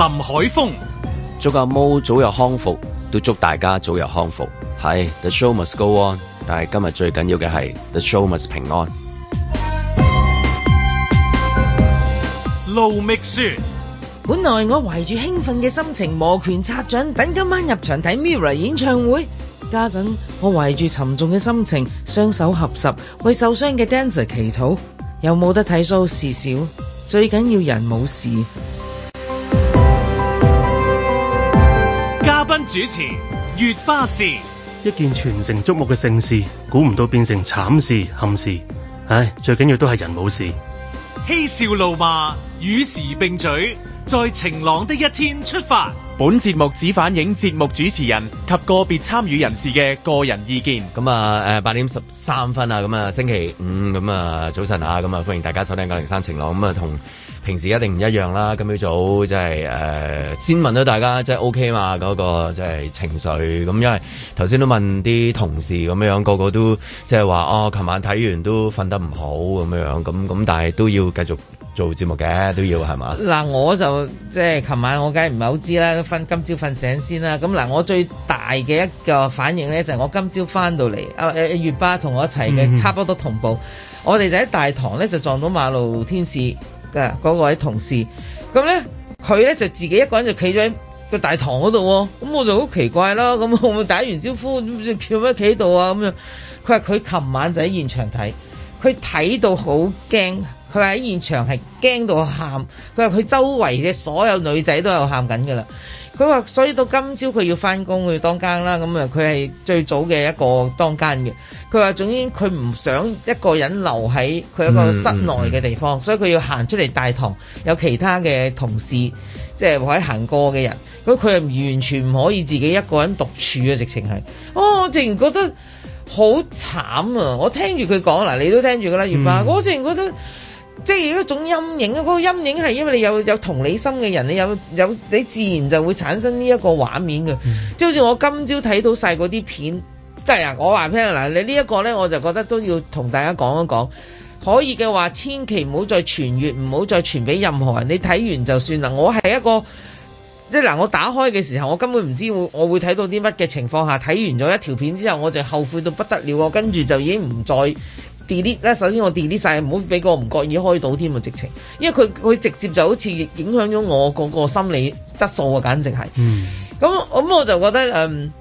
林海峰，祝阿 Mo 早日康復，都祝大家早日康復。係，the show must go on，但係今日最緊要嘅係，the show must 平安。盧覓雪，本來我懷住興奮嘅心情摩拳擦掌，等今晚入場睇 Mirror 演唱會。家陣我懷住沉重嘅心情，雙手合十為受傷嘅 Dancer 祈禱。又冇得睇 show 事少，最緊要人冇事。主持月巴士，一件全城矚目嘅盛事，估唔到變成慘事、憾事。唉，最緊要都係人冇事。嬉笑怒罵，與時並舉，在晴朗的一天出發。本節目只反映節目主持人及個別參與人士嘅個人意見。咁啊，誒、呃，八點十三分啊，咁啊，星期五咁啊，早晨啊，咁啊，歡迎大家收聽《九零三晴朗》咁啊，同。平時一定唔一樣啦。今日早即係誒，先問到大家即係 O K 嘛？嗰、那個即係、就是、情緒咁，因為頭先都問啲同事咁樣，個個都即係話哦，琴晚睇完都瞓得唔好咁樣咁咁，但係都要繼續做節目嘅，都要係嘛？嗱，我就即係琴晚我梗係唔係好知啦，瞓今朝瞓醒先啦。咁嗱，我最大嘅一個反應咧，就係、是、我今朝返到嚟啊，月巴同我一齊嘅，差不多同步。Mm hmm. 我哋就喺大堂咧就撞到馬路天使，嘅嗰位同事，咁呢，佢呢就自己一個人就企咗喺個大堂嗰度，咁我就好奇怪咯。咁我打完招呼，叫咩企喺度啊？咁樣，佢話佢琴晚就喺現場睇，佢睇到好驚。佢話喺現場係驚到喊。佢話佢周圍嘅所有女仔都有喊緊噶啦。佢話：所以到今朝佢要翻工，佢要當更啦。咁、嗯、啊，佢係最早嘅一個當更嘅。佢話總之佢唔想一個人留喺佢一個室內嘅地方，嗯嗯、所以佢要行出嚟大堂，有其他嘅同事，即係可以行過嘅人。咁佢又完全唔可以自己一個人獨處啊！直情係，哦，我竟然覺得好慘啊！我聽住佢講嗱，你都聽住噶啦，月爸，嗯、我竟然覺得。即係一種陰影，嗰個陰影係因為你有有同理心嘅人，你有有你自然就會產生呢一個畫面嘅。即係好似我今朝睇到晒嗰啲片，即係啊！我話俾你聽啊，嗱，你呢一個呢，我就覺得都要同大家講一講。可以嘅話，千祈唔好再傳閱，唔好再傳俾任何人。你睇完就算啦。我係一個即係嗱，我打開嘅時候，我根本唔知會我會睇到啲乜嘅情況下，睇完咗一條片之後，我就後悔到不得了。我跟住就已經唔再。delete 咧，首先我 delete 晒，唔好俾個唔覺意開到添啊！直情，因為佢佢直接就好似影響咗我個個心理質素啊，簡直係。咁咁、嗯、我就覺得嗯。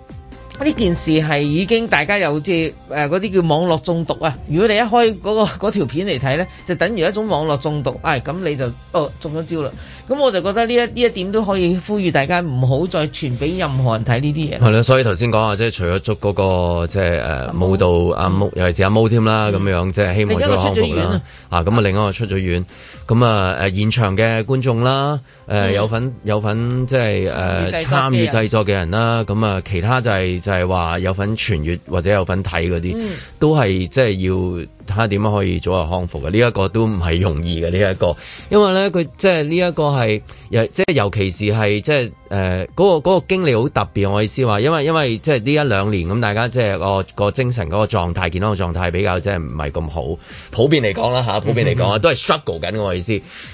呢件事係已經大家有即係啲叫網絡中毒啊！如果你一開嗰個條片嚟睇呢，就等於一種網絡中毒。唉，咁你就中咗招啦。咁我就覺得呢一呢一點都可以呼籲大家唔好再傳俾任何人睇呢啲嘢。係啦，所以頭先講下即係除咗捉嗰個即係誒舞蹈阿毛，尤其是阿毛添啦咁樣，即係希望佢康復啦。啊咁啊，另外出咗院。咁啊誒現場嘅觀眾啦，誒有份有份即係誒參與製作嘅人啦。咁啊其他就係。就係話有份傳閱或者有份睇嗰啲，都係即係要。睇下點樣可以早日康復嘅？呢一個都唔係容易嘅。呢一個，因為咧佢即係呢一個係，即係尤其是係即係誒嗰個嗰個經歷好特別。我意思話，因為因為即係呢一兩年咁，大家即係個個精神嗰個狀態、健康嘅狀態比較即係唔係咁好。普遍嚟講啦吓，普遍嚟講啊，都係 struggle 緊。我意思。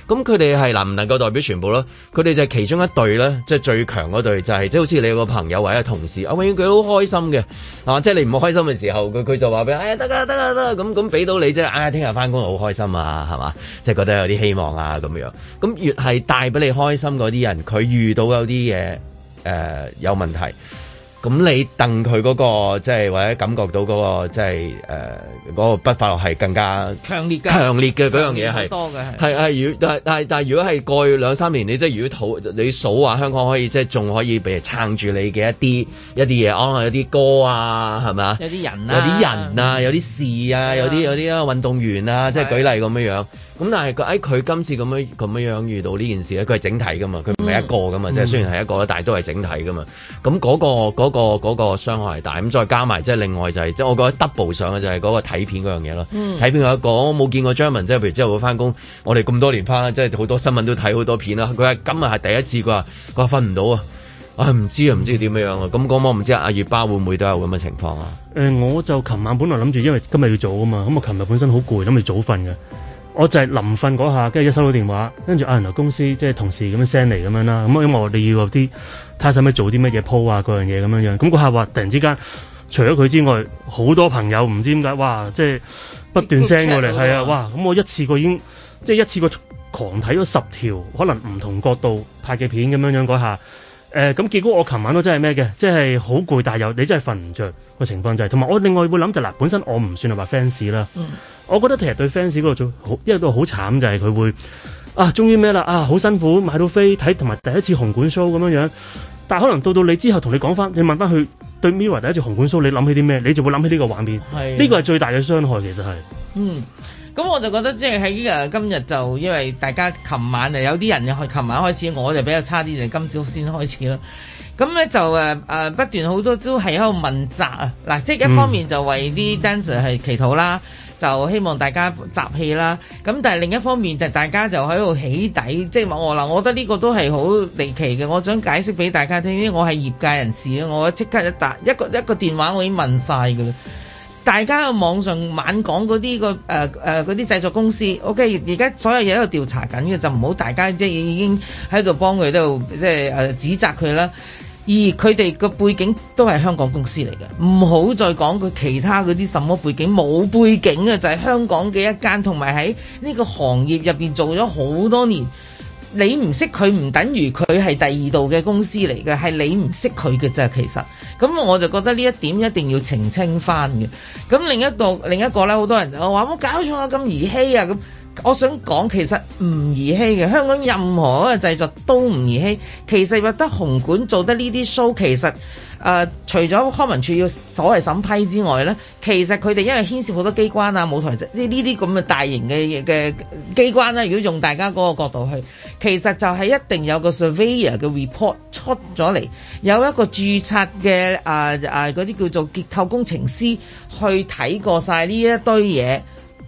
咁佢哋係能唔能夠代表全部囉？佢哋就係其中一對咧，即係最強嗰對就係即係好似你個朋友或者同事啊，永遠佢好開心嘅啊！即係你唔開心嘅時候，佢佢就話俾哎呀，得啦得啦得啦咁咁俾。到你即係啊，聽日翻工好開心啊，係嘛，即係覺得有啲希望啊咁樣。咁越係帶俾你開心嗰啲人，佢遇到有啲嘢誒有問題，咁你戥佢嗰個即係或者感覺到嗰個即係誒。嗰個不快樂係更加強烈嘅，強烈嘅嗰樣嘢係多嘅係。係係，但係但係但係，如果係過去兩三年，你即係如果討你數話，香港可以即係仲可以俾撐住你嘅一啲一啲嘢，可、哦、能有啲歌啊，係咪？有啲人、啊嗯、人啊，有啲人啊，有啲事啊，嗯、有啲有啲啊運動員啊，即係的舉例咁樣樣。咁但係佢誒佢今次咁樣咁樣樣遇到呢件事咧，佢係整體噶嘛，佢唔係一個噶嘛。嗯、即係雖然係一個，但係都係整體噶嘛。咁、嗯、嗰、嗯那個嗰、那個嗰、那個傷害大咁、嗯，再加埋即係另外就係、是、即係我覺得 double 上嘅就係嗰個睇片嗰樣嘢咯。睇、嗯、片有一個我冇見過張文，即係譬如之後會翻工，我哋咁多年返即係好多新聞都睇好多片啦。佢話今日係第一次，佢話佢話瞓唔到啊，我係唔知啊，唔知點樣樣啊。咁講我唔知阿月巴會唔會都有咁嘅情況啊？誒、嗯，我就琴晚本來諗住，因為今日要早啊嘛，咁我琴日本身好攰，諗住早瞓嘅。我就係臨瞓嗰下，跟住一收到電話，跟住啊原來公司即係同事咁樣 send 嚟咁樣啦。咁因為我哋要啲睇使唔使做啲乜嘢 po 啊，嗰樣嘢咁樣樣。咁嗰下話突然之間，除咗佢之外，好多朋友唔知點解，哇！即係不斷 send 過嚟，係啊，哇！咁我一次過已經即係一次過狂睇咗十條，可能唔同角度拍嘅片咁樣樣嗰下。誒、呃、咁結果我琴晚都真係咩嘅，即係好攰，但係又你真係瞓唔着。個情況就係、是，同埋我另外會諗就嗱、是，本身，本身我唔算係話 fans 啦。 嗯我覺得其實對 fans 個做，因為都好慘，就係、是、佢會啊，終於咩啦啊，好辛苦買到飛睇同埋第一次紅館 show 咁樣樣。但係可能到到你之後同你講翻，你問翻佢對 MIRROR 第一次紅館 show，你諗起啲咩？你就會諗起呢個畫面。呢、啊、個係最大嘅傷害，其實係。嗯，咁我就覺得即係喺啊今日就因為大家琴晚有啲人，佢琴晚開始，我就比較差啲，就今朝先開始啦。咁咧就誒誒、呃、不斷好多招係喺度問責啊！嗱，即係一方面就為啲 dancer 係祈禱啦。嗯嗯就希望大家集氣啦。咁但係另一方面就係大家就喺度起底，即係話我嗱，我覺得呢個都係好離奇嘅。我想解釋俾大家聽，因為我係業界人士啦，我即刻一打一個一個電話我已經問曬㗎。大家喺網上猛講嗰啲個誒誒啲製作公司，O K 而家所有嘢喺度調查緊嘅，就唔好大家即係已經喺度幫佢度即係誒指責佢啦。而佢哋個背景都係香港公司嚟嘅，唔好再講佢其他嗰啲什麼背景，冇背景嘅就係香港嘅一間，同埋喺呢個行業入邊做咗好多年。你唔識佢，唔等於佢係第二度嘅公司嚟嘅，係你唔識佢嘅啫。其實咁我就覺得呢一點一定要澄清翻嘅。咁另一個另一個呢，好多人就話：我搞錯啊，咁兒戲啊咁。我想講其實唔兒戲嘅，香港任何嗰個製作都唔兒戲。其實若得紅館做得呢啲 show，其實誒、呃、除咗康文署要所謂審批之外呢，其實佢哋因為牽涉好多機關啊，舞台即呢啲咁嘅大型嘅嘅機關啦，如果用大家嗰個角度去，其實就係一定有個 surveyor 嘅 report 出咗嚟，有一個註冊嘅、呃、啊啊嗰啲叫做結構工程師去睇過晒呢一堆嘢。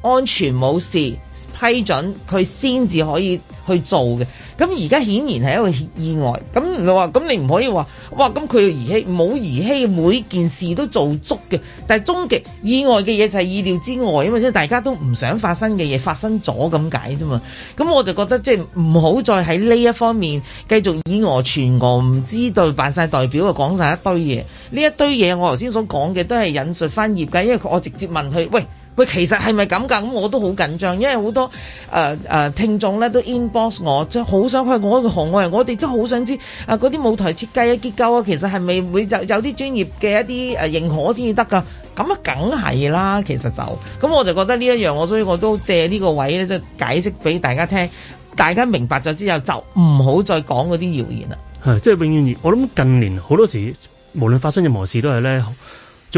安全冇事批准佢先至可以去做嘅，咁而家顯然係一個意外，咁唔係話咁你唔可以話哇咁佢有兒戲冇兒戲，每件事都做足嘅，但係終極意外嘅嘢就係意料之外，因為即係大家都唔想發生嘅嘢發生咗咁解啫嘛，咁我就覺得即係唔好再喺呢一方面繼續以訛傳訛，唔知道扮晒代表啊講晒一堆嘢，呢一堆嘢我頭先所講嘅都係引述翻業界，因為我直接問佢喂。喂，其實係咪咁噶？咁我都好緊張，因為好多誒誒、呃呃、聽眾咧都 inbox 我，即係好想開我一個行外人。我哋真係好想知啊，嗰啲舞台設計啊、結構啊，其實係咪會有有啲專業嘅一啲誒認可先至得噶？咁啊，梗係啦，其實就咁，我就覺得呢一樣，我所以我都借呢個位咧，即係解釋俾大家聽，大家明白咗之後，就唔好再講嗰啲謠言啦。係，即係永遠。我諗近年好多時，無論發生任何事都呢，都係咧。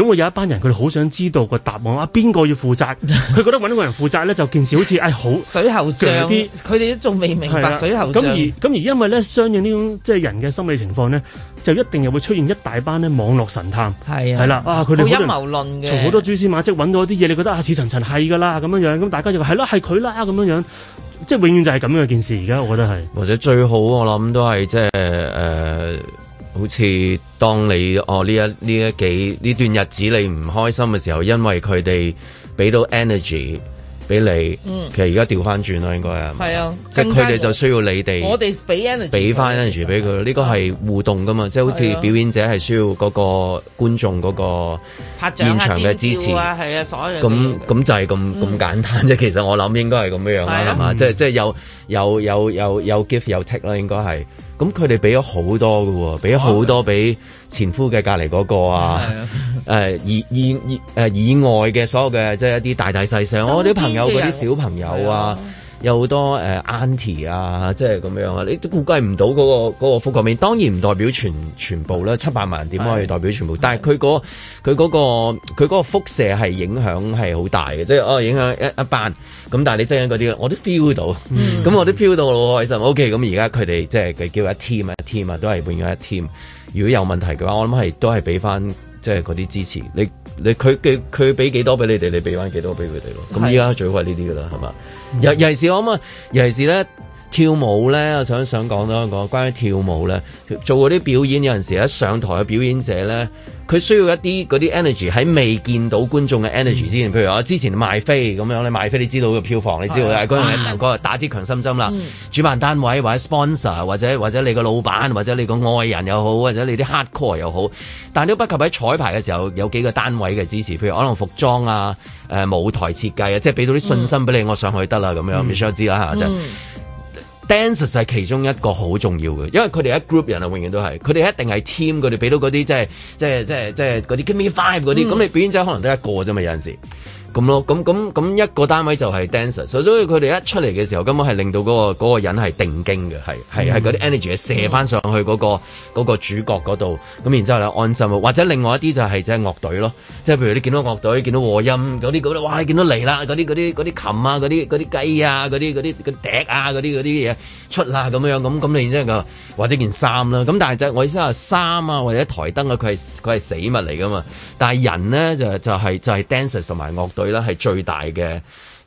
咁我有一班人，佢哋好想知道個答案啊！邊個要負責？佢 覺得搵個人負責咧，就件事好似誒好水喉帳啲。佢哋都仲未明白水喉帳咁而咁而因為咧，相應呢種即係人嘅心理情況咧，就一定又會出現一大班咧網絡神探。係的啊，係啦，啊佢哋陰謀論嘅從好多蛛絲馬跡揾到一啲嘢，你覺得啊似層層係噶啦咁樣樣，咁大家就話係咯係佢啦咁樣樣，即係永遠就係咁樣嘅件事。而家我覺得係或者最好我諗都係即係誒。呃好似當你哦呢一呢一幾呢段日子你唔開心嘅時候，因為佢哋俾到 energy 俾你，其實而家調翻轉咯，應該係係啊，即係佢哋就需要你哋，我哋俾 energy，俾翻 energy 俾佢，呢個係互動噶嘛，即係好似表演者係需要嗰個觀眾嗰個現場嘅支持啊，係啊，所以咁咁就係咁咁簡單啫。其實我諗應該係咁樣啦，係嘛，即係即係有有有有有 give 有 take 啦，應該係。咁佢哋俾咗好多嘅喎，俾咗好多俾前夫嘅隔離嗰個啊，誒的、啊、以以以以外嘅所有嘅即係一啲大大細細，我啲、哦、朋友嗰啲小朋友啊。有好多誒、uh, auntie 啊，即係咁樣啊，你都估計唔到嗰個覆蓋面。當然唔代表全全部啦，七百萬點可以代表全部？是 但係佢嗰佢嗰個佢嗰是、那個那個、個輻射係影響係好大嘅，即係哦影響一一班咁。但係你即係嗰啲，我都 feel 到，咁 我都 feel 到咯，其實？O K，咁而家佢哋即係佢叫一 team 啊 team 啊，都係變咗一 team。如果有問題嘅話，我諗係都係俾翻即係嗰啲支持。你你佢嘅佢俾幾多俾你哋，你俾翻幾多俾佢哋咯？咁依家最好係呢啲噶啦，係嘛？尤、mm hmm. 尤其是我咁啊，尤其是咧。跳舞咧，我想想講多一個。關於跳舞咧，做嗰啲表演有陣時一上台嘅表演者咧，佢需要一啲嗰啲 energy 喺未見到觀眾嘅 energy 之前，嗯、譬如我之前賣飛咁樣，你賣飛你知道個票房，嗯、你知道嘅嗰樣嘢。嗱、嗯，哥哇打支強心針啦。嗯、主辦單位或者 sponsor，或者或者你個老闆，或者你個愛人又好，或者你啲 hard core 又好，但都不及喺彩排嘅時候有幾個單位嘅支持。譬如可能服裝啊，誒、呃、舞台設計啊，即係俾到啲信心俾、嗯、你，我上去得啦咁樣。你都知啦嚇，就、嗯。嗯嗯 Dancer 係其中一個好重要嘅，因為佢哋一 group 人啊，永遠都係佢哋一定係 team，佢哋俾到嗰啲即係即係即係即係嗰啲 Give Me Five 嗰啲，咁你、嗯、表演者可能得一個啫嘛，有陣時。咁咯，咁咁咁一個單位就係 dancer，所以佢哋一出嚟嘅時候，根本係令到嗰個嗰個人係定驚嘅，係係係嗰啲 energy 射翻上去嗰個嗰個主角嗰度，咁然之後咧安心啊，或者另外一啲就係即係樂隊咯，即係譬如你見到樂隊，見到和音嗰啲嗰啲，哇！你見到嚟啦，嗰啲啲啲琴啊，嗰啲啲雞啊，嗰啲啲笛啊，嗰啲啲嘢出啦咁樣咁，咁你然之後或者件衫啦，咁但係就我意思係衫啊或者台燈啊，佢係佢係死物嚟噶嘛，但係人咧就就係就係 dancer 同埋樂。佢咧係最大嘅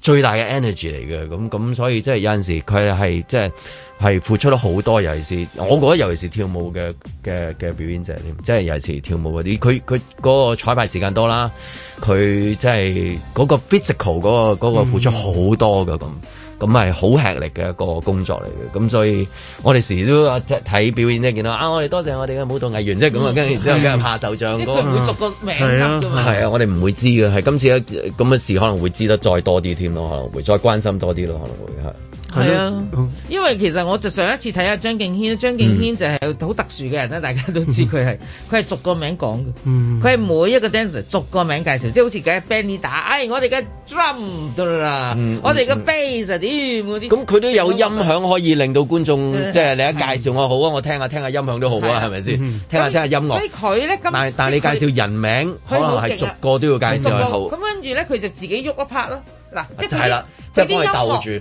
最大嘅 energy 嚟嘅，咁咁所以即係、就是、有陣時佢係即係係付出咗好多，尤其是我覺得尤其是跳舞嘅嘅嘅表演者添，即、就、係、是、尤其是跳舞嗰啲，佢佢個彩排時間多啦，佢即係個 physical、嗰個、嗰個付出好多嘅咁。嗯咁係好吃力嘅一個工作嚟嘅，咁所以我哋時都睇表演即，見到啊，我哋多謝，謝我哋嘅舞蹈藝員，即係咁啊，跟住之後跟住拍手掌，咁佢唔會捉個名啊係啊，啊啊我哋唔會知嘅，係今次咁嘅事可能會知得再多啲添咯，可能會再關心多啲咯，可能會係。係啊，因為其實我就上一次睇下張敬軒，張敬軒就係好特殊嘅人啦，大家都知佢係，佢係逐個名講嘅，佢係每一個 dancer 逐個名介紹，即係好似嘅 Bandida，哎，我哋嘅 drum 啦，我哋嘅 bass 啊，點嗰啲。咁佢都有音響可以令到觀眾，即係你一介紹我好啊，我聽下聽下音響都好啊，係咪先？聽下聽下音樂。所以佢咧咁，但但係你介紹人名，可能係逐個都要介紹一套。咁跟住咧，佢就自己喐一 part 咯。嗱，即係啲，即係啲音樂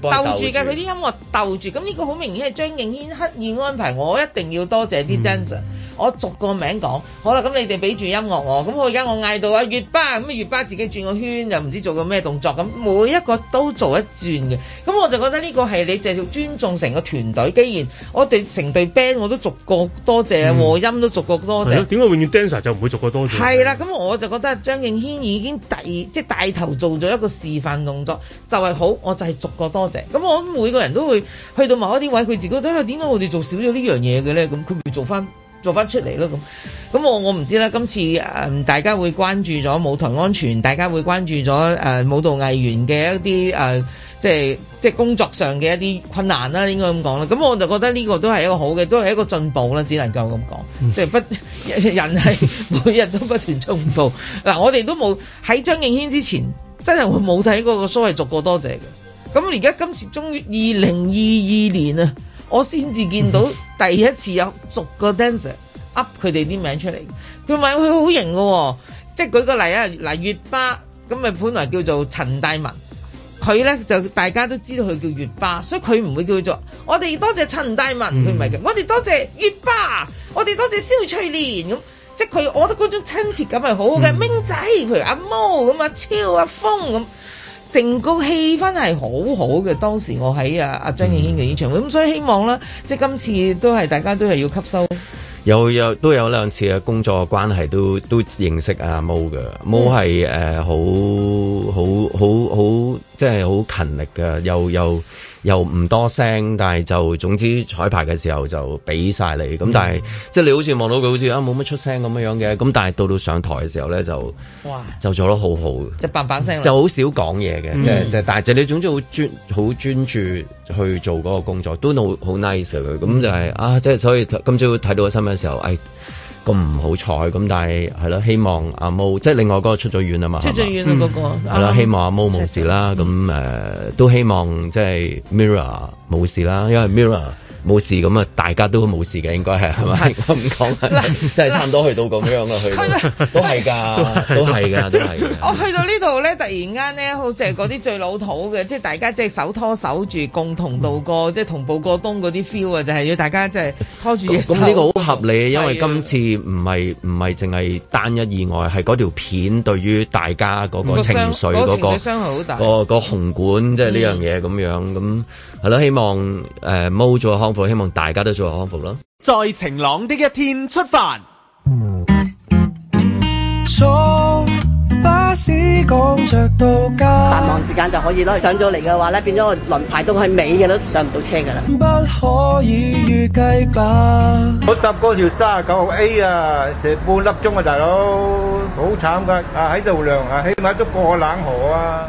鬥住嘅，佢啲音樂鬥住，咁呢個好明顯係張敬軒刻意安排，我一定要多謝啲 dancer。嗯我逐個名講，好啦，咁你哋俾住音樂我，咁我而家我嗌到阿、啊、月巴，咁阿月巴自己轉個圈，又唔知做個咩動作，咁每一個都做一轉嘅，咁我就覺得呢個係你就係要尊重成個團隊。既然我哋成隊 band 我都逐個多謝、嗯、和音都逐個多謝，點解永遠 dancer 就唔會逐個多謝？係啦，咁我就覺得張敬軒已經第即係帶頭做咗一個示範動作就係、是、好，我就係逐個多謝。咁我諗每個人都會去到某一啲位，佢自己都啊點解我哋做少咗呢樣嘢嘅咧？咁佢唔會做翻。做返出嚟咯咁，咁我我唔知啦。今次誒、呃、大家會關注咗舞台安全，大家會關注咗誒、呃、舞蹈藝員嘅一啲誒、呃，即係即係工作上嘅一啲困難啦，應該咁講啦。咁我就覺得呢個都係一個好嘅，都係一個進步啦，只能夠咁講。嗯、即係不人係每日都不斷進步。嗱、 啊，我哋都冇喺張敬軒之前，真係會冇睇過個所謂逐個多謝嘅。咁而家今次終於二零二二年啊，我先至見到、嗯。第一次有逐個 dancer 噏佢哋啲名出嚟，佢咪，佢好型㗎喎，即係舉個例啊，嗱，月巴咁咪本來叫做陳大文，佢咧就大家都知道佢叫月巴，所以佢唔會叫做我哋多謝陳大文，佢唔係嘅，我哋多謝月巴，我哋多謝蕭翠蓮咁，即係佢，我覺得嗰種親切感係好嘅，嗯、明仔譬如阿毛咁啊，超阿峰咁。成個氣氛係好好嘅，當時我喺啊啊張敬軒嘅演唱會，咁、嗯嗯、所以希望啦，即係今次都係大家都係要吸收。有有都有兩次嘅工作關係都都認識阿 Mo 嘅，Mo 係、嗯呃、好好好好即係好勤力嘅，又又。又唔多聲，但係就總之彩排嘅時候就俾晒你咁，但係即係你好似望到佢好似啊冇乜出聲咁樣樣嘅，咁但係到到上台嘅時候咧就哇就做得好好嘅、嗯，即係白白聲就好少講嘢嘅，即係即係但係就你總之好專好專注去做嗰個工作，都好 nice 嘅，咁就係、是嗯、啊即係所以今朝睇到個新聞嘅時候，哎。咁唔好彩，咁但係係咯，希望阿 Mo 即係另外嗰個出咗院啊嘛，出咗院啦嗰個，係啦吧、嗯，希望阿 Mo 冇、嗯、事啦，咁誒、嗯嗯呃、都希望即係 Mirror 冇事啦，因為 Mirror 冇事咁啊，大家都冇事嘅，應該係係咪？咁講係真係差唔多去到咁樣嘅，去都係㗎，都係㗎，都係。我去到呢度咧，突然間咧，好似係嗰啲最老土嘅，即係大家即係手拖手住共同度過，即係同步過冬嗰啲 feel 啊！就係要大家即係拖住嘢。咁呢個好合理，因為今次唔係唔係淨係單一意外，係嗰條片對於大家嗰個情緒傷害好大嗰個個個紅館即係呢樣嘢咁樣咁。係咯，希望誒，冇做康復，希望大家都做下康復咯。在晴朗的一天出發。坐巴士趕着到家，繁忙時間就可以咯，上咗嚟嘅話咧，變咗個輪排都係尾嘅都上唔到車噶啦。不可以預計吧？我搭嗰條三十九號 A 啊，成半粒鐘啊，大佬，好慘噶，啊喺度涼啊，起碼都過冷河啊。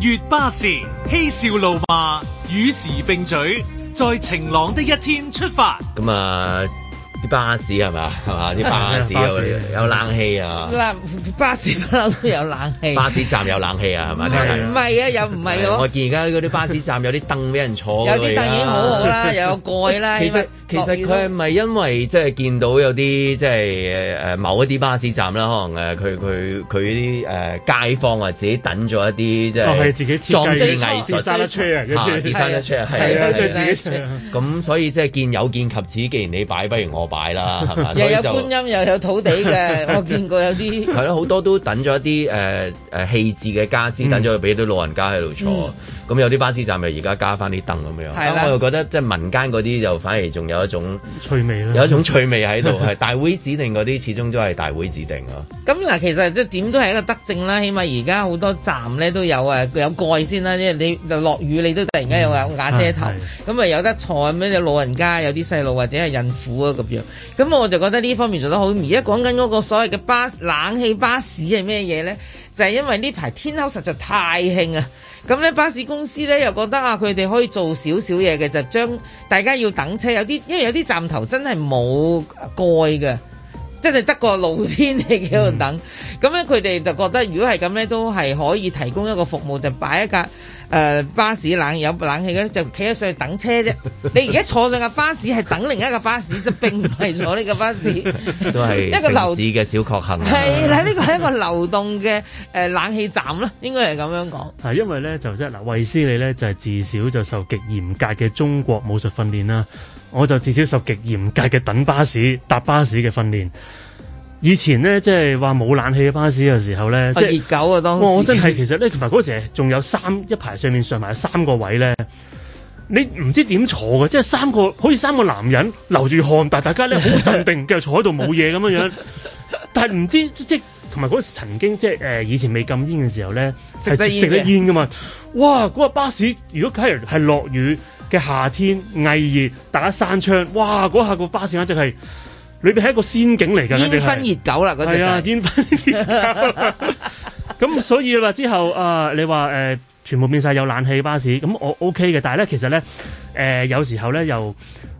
月巴士嬉笑怒罵，與時並舉，在晴朗的一天出發。今日啲巴士係咪？係嘛，啲巴士有有冷氣啊！巴士不嬲都有冷氣，巴士站有冷氣啊，係咪？唔係啊，又唔係我。我見而家嗰啲巴士站有啲凳俾人坐，有啲凳已經好好啦，又有蓋啦。其實其實佢係咪因為即係見到有啲即係誒某一啲巴士站啦？可能誒佢佢佢啲誒街坊啊自己等咗一啲即係自己裝置藝術，design 啊 design 啊，係咁所以即係見有見及此，既然你擺，不如我。擺啦，係嘛？又有觀音，又有土地嘅。我見過有啲係咯，好多都等咗一啲誒誒棄置嘅家私，等咗去俾啲老人家喺度坐。咁有啲巴士站咪而家加翻啲凳咁樣。係我又覺得即係民間嗰啲就反而仲有一種趣味咯，有一種趣味喺度。係大會指定嗰啲，始終都係大會指定咯。咁嗱，其實即係點都係一個德政啦。起碼而家好多站咧都有啊，有蓋先啦。即係你落雨，你都突然間又有瓦遮頭。咁啊有得坐咩？老人家有啲細路或者係孕婦啊咁咁我就覺得呢方面做得好。而家講緊嗰個所謂嘅巴士冷氣巴士係咩嘢呢？就係、是、因為呢排天氣實在太㷫啊，咁呢巴士公司呢，又覺得啊，佢哋可以做少少嘢嘅，就將、是、大家要等車有啲，因為有啲站頭真係冇蓋嘅，真係得個露天嚟喺度等。咁咧佢哋就覺得如果係咁呢，都係可以提供一個服務，就擺、是、一架。誒、呃，巴士冷有冷氣嘅，就企咗上去等車啫。 你而家坐上嘅巴士係等另一個巴士，就 並唔係坐呢個巴士， 都係 一個城市嘅小確幸係啦。呢個係一個流動嘅誒、呃、冷氣站咯，應該係咁樣講係。 因為咧就真嗱，衛斯理咧就係、是、自小就受極嚴格嘅中國武術訓練啦。我就自小受極嚴格嘅等巴士、搭巴士嘅訓練。以前咧，即係話冇冷氣嘅巴士嘅時候咧，即係熱狗啊當時。我真係其實咧，同埋嗰時仲有三一排上面上埋有三個位咧，你唔知點坐嘅，即係三個好似三個男人流住汗，但大家咧好鎮定，繼續坐喺度冇嘢咁樣。但係唔知即係同埋嗰時曾經即係誒、呃、以前未禁煙嘅時候咧，食得，得煙嘅嘛。哇！嗰、那個巴士如果假如係落雨嘅夏天，翳熱，大家閂窗，哇！嗰、那、下個巴士咧簡直係～裏邊係一個仙境嚟嘅，煙燻熱狗啦，嗰隻煙咁所以啦，之後啊、呃，你話誒、呃，全部變晒有冷氣巴士，咁我 OK 嘅。但係咧，其實咧，誒、呃，有時候咧，又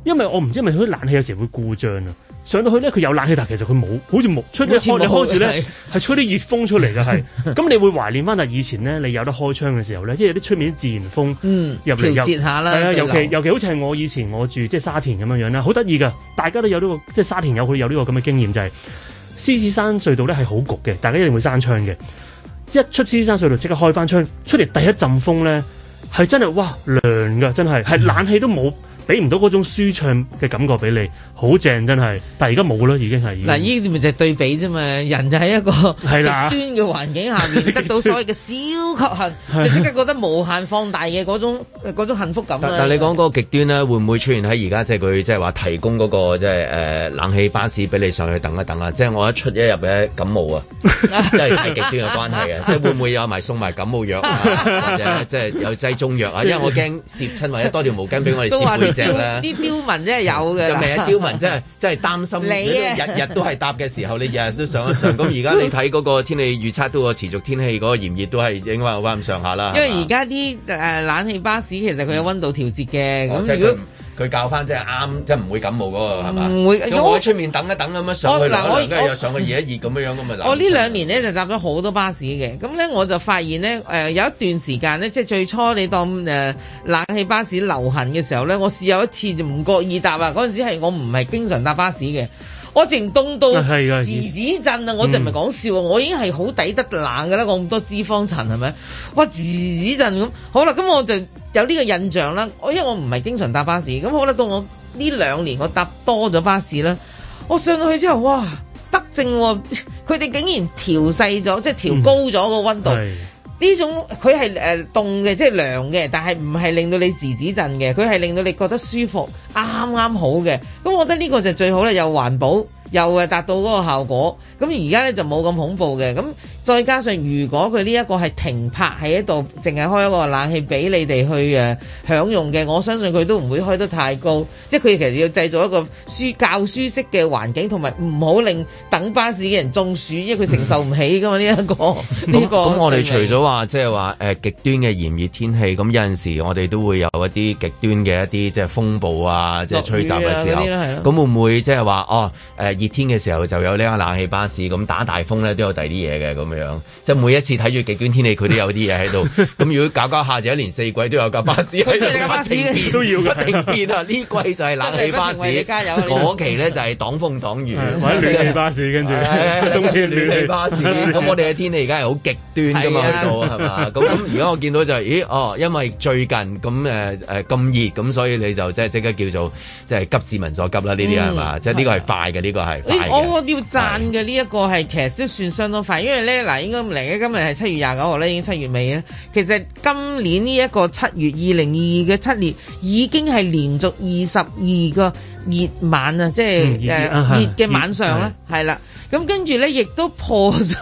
因為我唔知係咪佢啲冷氣有時會故障啊。上到去咧，佢有冷氣，但其實佢冇，好似木出啲開住咧，係吹啲熱風出嚟嘅。係， 咁你會懷念翻。但以前咧，你有得開窗嘅時候咧，即係有啲出面自然風，嗯、入嚟來調節下啦。係啊、呃，尤其尤其好似係我以前我住即係沙田咁樣樣啦，好得意噶。大家都有呢、這個，即係沙田有佢有呢個咁嘅經驗就係、是，獅子山隧道咧係好焗嘅，大家一定會閂窗嘅。一出獅子山隧道即刻開翻窗，出嚟第一陣風咧係真係哇涼嘅，真係係 冷氣都冇。俾唔到嗰種舒暢嘅感覺俾你，好正真係，但係而家冇啦，已經係嗱，呢咪就係對比啫嘛，人就喺一個極端嘅環境下面得到所謂嘅小確幸，即即刻覺得無限放大嘅嗰種幸福感。但係你講個極端咧，會唔會出現喺而家即係佢即係話提供嗰個即係誒冷氣巴士俾你上去等一等啊？即係我一出一入嘅感冒啊，即係太極端嘅關係啊，即係會唔會有埋送埋感冒藥啊？即係有劑中藥啊？因為我驚攝親或者多條毛巾俾我哋啲刁民真係有嘅，就係啲刁民真係真係擔心 你日、啊、日都係搭嘅時候，你日日都上一上。咁而家你睇嗰個天氣預測到個持續天氣嗰個炎熱都係應該有返咁上下啦。因為而家啲誒冷氣巴士其實佢有溫度調節嘅，咁、嗯嗯、如果。佢教翻即係啱，即係唔會感冒嗰個係嘛？唔會，有我喺出面等一等咁樣上去，嗱我而家又上去熱一熱咁樣咁啊！我呢兩年咧、嗯、就搭咗好多巴士嘅，咁咧我就發現咧誒、呃、有一段時間咧，即係最初你當誒、呃、冷氣巴士流行嘅時候咧，我試有一次就唔覺意搭啊，嗰陣時係我唔係經常搭巴士嘅。我成凍到自子震啊！我就唔係講笑，嗯、我已經係好抵得冷嘅啦。我咁多脂肪層係咪？哇！自子震咁，好啦，咁我就有呢個印象啦。我因為我唔係經常搭巴士，咁好啦，到我呢兩年我搭多咗巴士啦。我上到去之後，哇！得正佢哋竟然調細咗，即係調高咗個溫度。嗯呢種佢係誒凍嘅，即係涼嘅，但係唔係令到你止止震嘅，佢係令到你覺得舒服啱啱好嘅。咁我覺得呢個就最好咧，又環保又誒達到嗰個效果。咁而家咧就冇咁恐怖嘅，咁再加上如果佢呢一個係停泊喺一度，淨係開一個冷氣俾你哋去誒享、啊、用嘅，我相信佢都唔會開得太高，即係佢其實要製造一個舒較舒適嘅環境，同埋唔好令等巴士嘅人中暑，因為佢承受唔起噶嘛。呢一個呢、呢個，咁我哋除咗話即係話誒極端嘅炎熱天氣，咁有陣時我哋都會有一啲極端嘅一啲即係風暴啊，即係吹襲嘅時候，咁，啊、會唔會即係話哦誒熱，呃、天嘅時候就有呢個冷氣班？市咁打大風咧，都有第二啲嘢嘅咁樣，即係每一次睇住極端天氣，佢都有啲嘢喺度。咁 如果搞搞下，就一年四季都有架巴士喺度。巴士 變都要嘅，變啊！呢 季就係冷氣巴士，而家有火期咧，就係、是、擋風擋雨 或者暖氣巴士，跟住、 哎、冬天暖氣巴士。咁我哋嘅天氣而家係好極端噶嘛？喺度係嘛？咁咁而家我見到就係咦哦，因為最近咁誒誒咁熱，咁所以你就即係即刻叫做即係急市民所急啦。呢啲係嘛？即係呢個係快嘅，呢個係快。我要讚嘅呢。 嗯一個係其實都算相當快，因為呢，嗱，應該嚟嘅今日係七月廿九號呢，已經七月尾咧。其實今年呢一個七月二零二二嘅七月，已經係連續二十二個熱晚啊，即係誒熱嘅晚上啦，係啦熱。咁跟住呢，亦都破晒。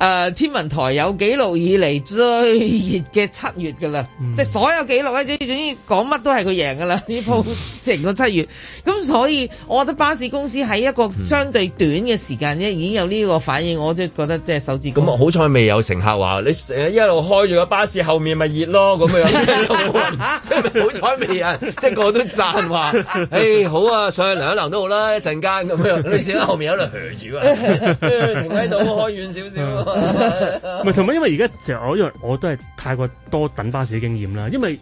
誒天文台有記錄以嚟最熱嘅七月㗎啦，即係所有記錄咧，總之講乜都係佢贏㗎啦，呢鋪成個七月，咁所以我覺得巴士公司喺一個相對短嘅時間啫，已經有呢個反應，我都覺得即係手指。咁好彩未有乘客話你一路開住個巴士，後面咪熱咯咁樣，好彩未啊！即係個都讚話，誒好啊，上去涼一涼都好啦，一陣間咁樣，你只喺後面喺度蛇住啊，停喺度開遠少少。唔係同埋， 因為而家就我因為我都係太過多等巴士經驗啦。因為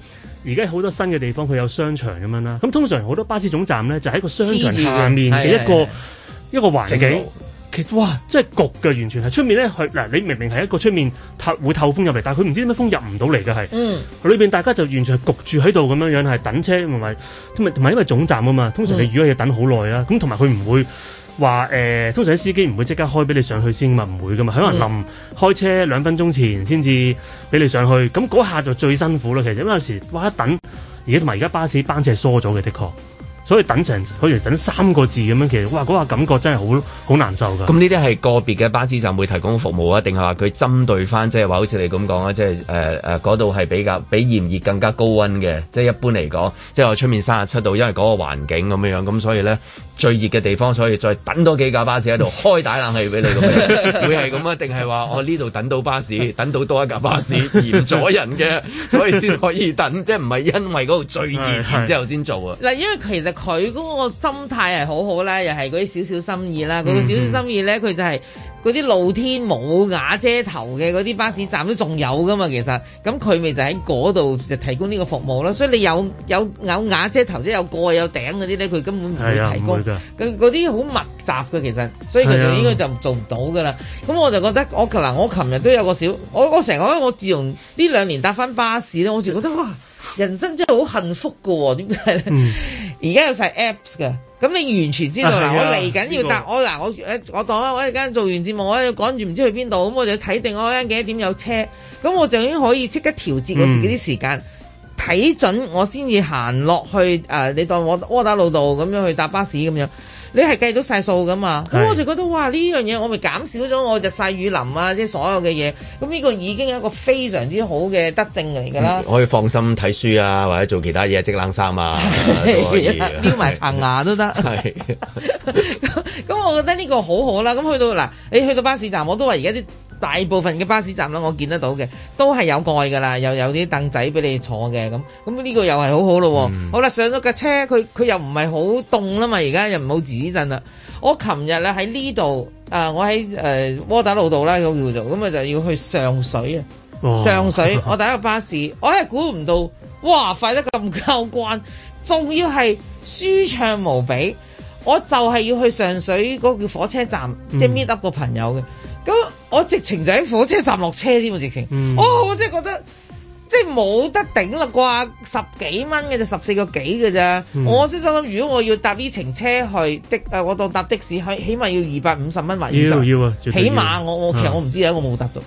而家好多新嘅地方，佢有商場咁樣啦。咁通常好多巴士總站咧，就喺，是，個商場下著面嘅一個是是是是一個環境。路其實哇，即係焗嘅，完全係出面咧。佢，呃、嗱，你明明係一個出面透，透會透風入嚟，但係佢唔知點解風入唔到嚟嘅係。嗯，裏邊大家就完全係焗住喺度咁樣樣，係等車同埋同埋同埋，因為總站啊嘛，通常你如果要等好耐啦，咁同埋佢唔會。話誒、呃，通常司機唔會即刻開俾你上去先㗎嘛，唔會㗎嘛，嗯、可能臨開車兩分鐘前先至俾你上去，咁嗰下就最辛苦啦。其實嗰陣時哇，一等而家同埋而家巴士班車係疏咗嘅，的確，所以等成好似等三個字咁樣，其實哇，嗰下感覺真係好好難受㗎。咁呢啲係個別嘅巴士站會提供服務啊，定係話佢針對翻即係話好似你咁講啊，即係誒誒嗰度係比較比炎熱更加高溫嘅，即係一般嚟講，即係我出面三十七度，因為嗰個環境咁樣樣，咁所以咧。最熱嘅地方，所以再等多幾架巴士喺度開大冷氣俾你，咁 會係咁啊？定係話我呢度等到巴士，等到多一架巴士， 嫌咗人嘅，所以先可以等，即係唔係因為嗰度最熱 然之後先做啊？嗱，因為其實佢嗰個心態係好好咧，又係嗰啲小小心意啦，嗰、嗰個小小心意咧，佢就係、是。嗰啲露天冇瓦遮頭嘅嗰啲巴士站都仲有噶嘛，其實咁佢咪就喺嗰度就提供呢個服務咯。所以你有有有瓦遮頭即係有蓋有頂嗰啲咧，佢根本唔會提供。佢嗰啲好密集嘅其實，所以佢就應該就做唔到噶啦。咁、哎、呀我就覺得我嗱我琴日都有個小我我成日咧我自從呢兩年搭翻巴士咧，我就覺得哇人生真係好幸福噶喎、哦。點解咧？而家、嗯、 有晒 Apps 嘅。」咁你完全知道啦，我嚟緊要搭我嗱我誒我當我我一陣間做完節目，我要趕住唔知去邊度，咁我就睇定我嗰陣幾多點有車，咁我就已經可以即刻調節我自己啲時間，睇、嗯、準我先至行落去誒、呃，你當我窩打老道咁樣去搭巴士咁樣。你係計到曬數噶嘛？咁我就覺得哇！呢樣嘢我咪減少咗我日曬雨淋啊！即係所有嘅嘢，咁呢個已經係一個非常之好嘅德政嚟㗎啦。可以放心睇書啊，或者做其他嘢，即冷衫啊， 啊撩埋棚牙都得。係 ，咁我覺得呢個好好、啊、啦。咁去到嗱，你去到巴士站我都話而家啲。大部分嘅巴士站啦，我見得到嘅都係有蓋噶啦，又有啲凳仔俾你坐嘅咁。咁呢個又係好好咯。嗯、好啦，上咗架車，佢佢又唔係好凍啦嘛，而家又唔好止震啦。我琴日咧喺呢度啊，我喺誒窩打老道啦，咁、呃、叫做咁啊，就要去上水啊。哦、上水，我第一個巴士，我係估唔到，哇，快得咁交關，仲要係舒暢無比。我就係要去上水嗰個叫火車站，即係 meet up 個朋友嘅咁。嗯我直情就喺火車站落車添，直情嗯、我直情，我真係覺得即係冇得頂啦啩，十幾蚊嘅就十四個幾嘅啫。嗯、我真心諗，如果我要搭呢程車去的，誒，我當搭的士去，起碼要二百五十蚊或者要要,要起碼我我其實我唔知、啊、我有、嗯、我冇搭到。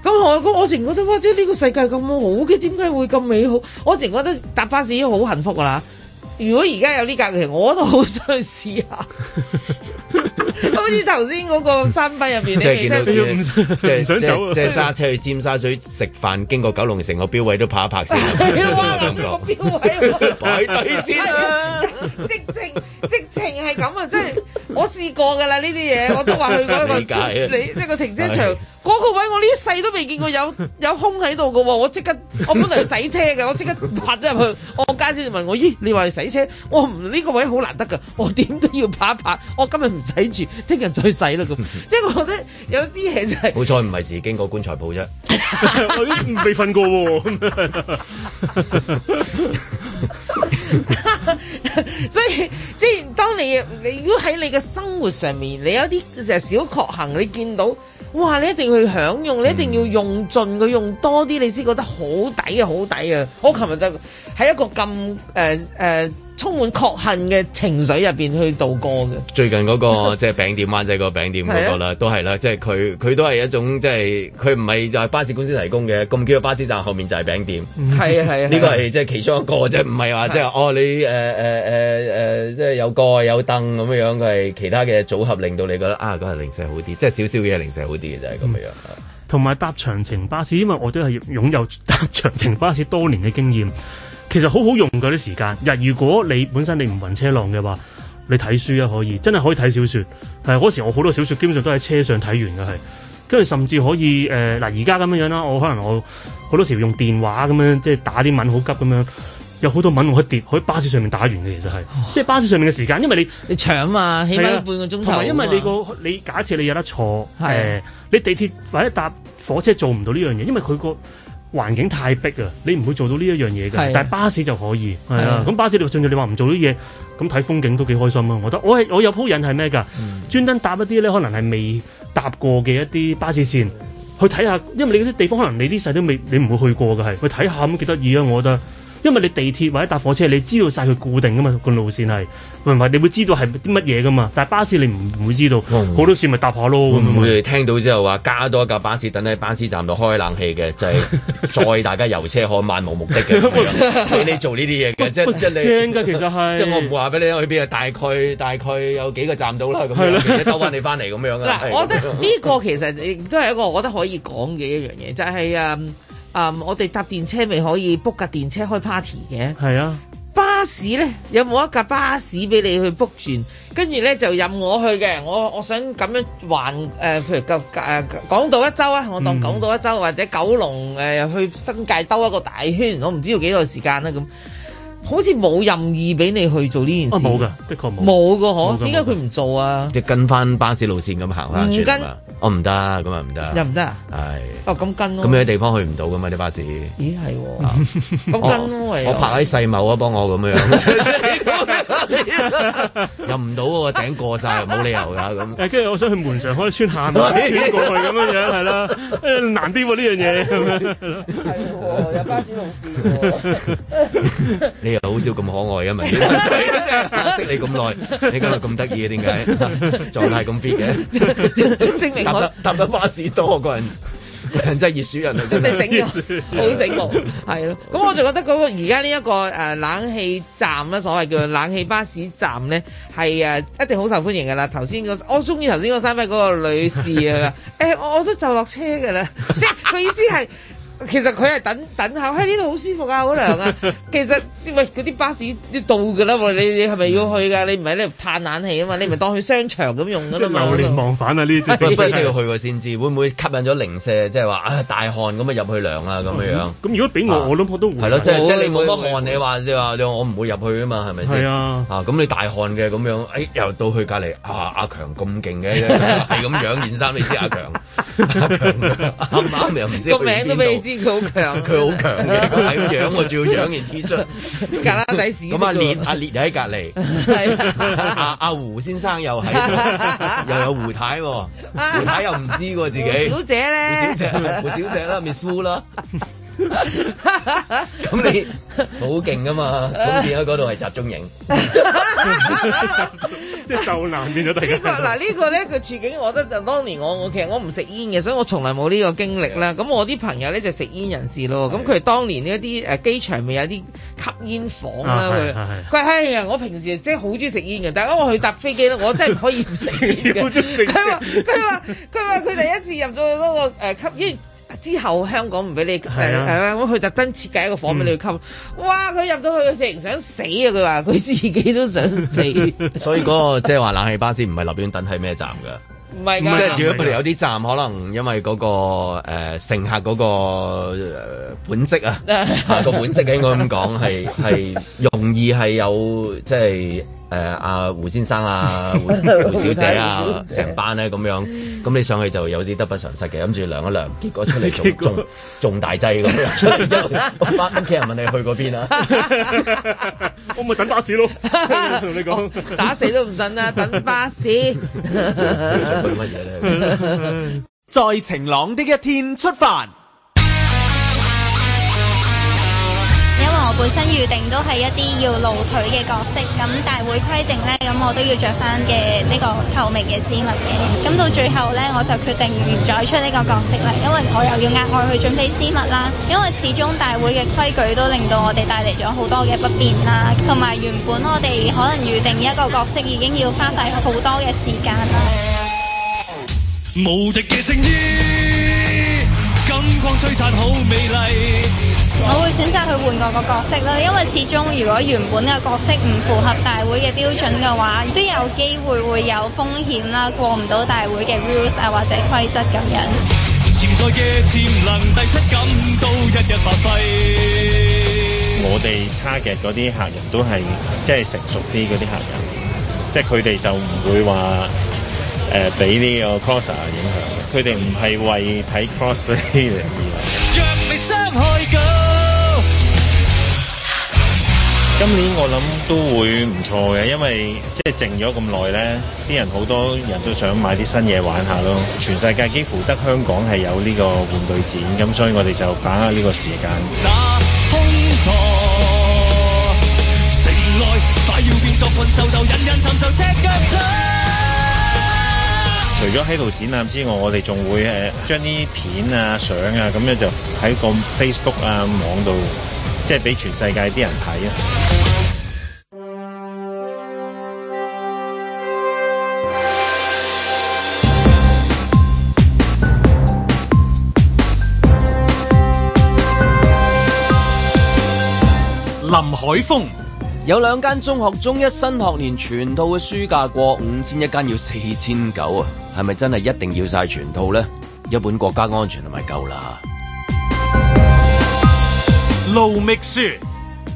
咁我咁我直情覺得，哇，即係呢個世界咁好嘅，點解會咁美好？我直情覺得搭巴士好幸福噶啦。如果而家有呢價錢，我都好想去試下。 好似頭先嗰個山壁入邊，你係見到嘢，即係即係、啊、即係揸車去尖沙咀食飯，經過九龍城個標位都拍一拍先。哇！ 嗰個標位排低先啊！直情直情係咁啊！真係。我試過噶啦呢啲嘢，我都話去過一個你即係個停車場嗰 是個位，我呢一世都未見過有有空喺度噶喎！我即刻我本來洗車嘅，我即刻拍咗入去。我家姐就問我：咦，你話你洗車？我唔呢、這個位好難得噶，我點都要拍一拍。我今日唔洗住，聽日再洗啦咁。即係 我覺得有啲嘢真係好彩唔係時經過棺材鋪啫，未瞓 過咁。 所以即係當你你如果喺你嘅生活上面，你有啲成日小確幸，你見到哇，你一定要享用，你一定要用盡佢，用多啲，你先覺得好抵啊，好抵啊！我琴日就喺一個咁誒誒。呃呃充滿確幸嘅情緒入邊去度過嘅。最近嗰、那個即係、就是、餅店灣仔個餅店嗰、那個是、啊、啦，就是、都係啦，即係佢佢都係一種即係佢唔係就係、是、巴士公司提供嘅。咁叫巴士站後面就係餅店。係 啊係是啊，呢個係即係其中一個啫，唔係話即係哦你誒誒誒誒，即、呃、係、呃呃呃就是、有蓋有凳咁樣樣，佢係其他嘅組合，令到你覺得啊嗰個零舍好啲，即係少少嘢零舍好啲嘅啫，咁、就、嘅、是、樣。同埋、嗯、搭長程巴士，因為我都係擁有搭長程巴士多年嘅經驗。其實好好用㗎啲時間，日如果你本身你唔暈車浪嘅話，你睇書啊可以，真係可以睇小說。係嗰時我好多小說基本上都喺車上睇完嘅係，跟住甚至可以誒嗱而家咁樣樣啦，我可能我好多時候用電話咁樣即係打啲文好急咁樣，有好多文我可以喺巴士上面打完嘅其實係，唉即係巴士上面嘅時間，因為你你長啊嘛，起碼半個鐘頭。同埋因為你個你假設你有得坐，誒你地鐵或者搭火車做唔到呢樣嘢，因為佢個。環境太逼啊！你唔會做到呢一樣嘢嘅，是啊、但係巴士就可以。係啊，咁是、啊、巴士你甚至你話唔做啲嘢，咁睇風景都幾開心啊！我覺得我係我有鋪癮係咩㗎？專登、嗯、搭一啲咧，可能係未搭過嘅一啲巴士線去睇下，因為你嗰啲地方可能你一世都未，你唔會去過嘅係，去睇下咁幾得意啊！我覺得。因為你地鐵或者搭火車，你知道晒佢固定噶嘛，個路線係，唔係你會知道係啲乜嘢噶嘛。但係巴士你唔會知道，好多時咪搭下咯。會唔會聽到之後話加多一架巴士，等喺巴士站度開冷氣嘅，就係再大家遊車河漫無目的嘅，俾你做呢啲嘢嘅，即即係正噶，其實係即我唔話俾你去邊啊，大概大概有幾個站到啦咁樣，一兜翻你翻嚟咁樣我覺得呢個其實都係一個我覺得可以講嘅一樣嘢，就係啊。啊！Um, 我哋搭電車咪可以 book 架電車開 party 嘅。係啊，巴士呢？有冇一架巴士俾你去 book 住？跟住呢就任我去嘅。我我想咁樣環誒、呃，譬如夠誒、港島、呃、一周啊，我當港島一周、嗯、或者九龍誒、呃，去新界兜一個大圈，我唔知要幾耐時間啊咁。好似冇任意俾你去做呢件事。冇噶，的確冇。冇個嗬，點解佢唔做啊？即跟翻巴士路線咁行翻轉。我唔得，咁啊唔得。又唔得啊？係。哦，咁跟咯。咁有地方去唔到噶嘛啲巴士。咦？係喎，咁跟我拍喺世貿啊，幫我咁樣。入唔到個頂過晒，冇理由噶咁。跟住我想去門上開村行啊，穿過去咁樣樣係啦。誒，難啲喎呢樣嘢。係喎，有巴士路線好少咁可愛㗎嘛， 識你咁耐，你今日咁得意，點解仲係咁 fit 嘅？證明搭搭緊巴士多個人，個人真係熱鼠人，真係醒，醒目，好醒目，係咯。咁我就覺得嗰個而家呢一個誒、呃、冷氣站咧，所謂叫冷氣巴士站咧，係啊，一定好受歡迎噶啦。頭先、個我中意頭先個三位嗰個女士啊，誒、 欸，我我都就落車噶啦， 即係佢意思係。其實佢係等等候，喺呢度好舒服啊，好涼啊。其實喂，嗰啲巴士都到噶啦，你你係咪要去噶？你唔喺呢度嘆冷氣啊嘛，你唔係當去商場咁用噶啦嘛。流連忘返啊！呢啲即係要去過先知，會唔會吸引咗零舍？即係話大汗咁啊入去涼啊咁樣樣。咁如果俾我，我諗我都會係咯。即係即係你冇乜汗，你話你話我唔會入去啊嘛？係咪先？咁你大汗嘅咁樣，哎又到去隔籬啊阿強咁勁嘅，係咁樣件衫，你知阿強？阿強啱唔啱又唔知，個名都未佢好強，佢好強嘅，睇個樣我仲要養件 T 恤，格拉底子咁啊，裂啊裂喺隔籬，阿阿胡先生又係，又有胡太，胡太又唔知自己胡小姐咧，胡小姐胡小姐啦，Miss 啦。咁你好勁噶嘛？好似喺嗰度係集中營，即係受難變咗。呢個嗱，呢個咧，個處境，我覺得就當年我我，其實我唔食煙嘅，所以我從來冇呢個經歷啦。咁我啲朋友咧就食煙人士咯。咁佢當年呢一啲誒機場咪有啲吸煙房啦？佢，佢係啊，我平時即係好中意食煙嘅，但係我去搭飛機咧，我真係唔可以食煙嘅。佢話佢話佢話佢第一次入咗去嗰個誒吸煙。之後香港唔俾你，係啊，咁佢特登設計一個房俾你吸、嗯、嘩去吸，哇！佢入到去佢直情想死啊！佢話佢自己都想死。他他想死 所以嗰、那個即係話冷氣巴士唔係立亂等喺咩站㗎？唔係㗎，即係如果佢哋有啲站，可能因為嗰、那個、呃、乘客嗰、那個、呃、本色啊，個 本色應該咁講係係容易係有即係。誒阿、呃、胡先生啊，胡小 胡小姐啊，成班咧咁 樣，咁你上去就有啲得不償失嘅，諗住量一量，結果出嚟，仲仲大劑，咁樣出嚟之後返屋企，人問你去過邊啊？ 我咪等巴士咯，同你講打死都唔信啊！等巴士。你想去乜嘢咧？在晴朗的一天出發。本身預定都係一啲要露腿嘅角色，咁大會規定呢，咁我都要着翻嘅呢個透明嘅絲襪嘅。咁到最後呢，我就決定唔再出呢個角色啦，因為我又要額外去準備絲襪啦。因為始終大會嘅規矩都令到我哋帶嚟咗好多嘅不便啦，同埋原本我哋可能預定一個角色已經要花費好多嘅時間啦。無敵嘅聖衣，金光璀璨好美麗。我會選擇去換個個角色啦，因為始終如果原本嘅角色唔符合大會嘅標準嘅話，都有機會會有風險啦，過唔到大會嘅 rules 啊或者規則咁樣。潛在嘅潛能，第七感都日日發揮。我哋 target 嗰啲客人都係即係成熟啲嗰啲客人，即係佢哋就唔會話誒俾呢個 crosser 影響，佢哋唔係為睇 crossplay 而嚟。今年我諗都會唔錯嘅，因為即係靜咗咁耐咧，啲人好多人都想買啲新嘢玩下咯。全世界幾乎得香港係有呢個玩具展，咁所以我哋就把握呢個時間。除咗喺度展覽之外，我哋仲會誒將啲片啊、相啊，咁樣就喺個 Facebook 啊網度。即係俾全世界啲人睇啊！林海峰，有兩間中學中一新學年全套嘅書架過五千，5, 一間要四千九啊！係咪真係一定要晒全套呢？一本《國家安全》就咪夠啦。盧覓雪，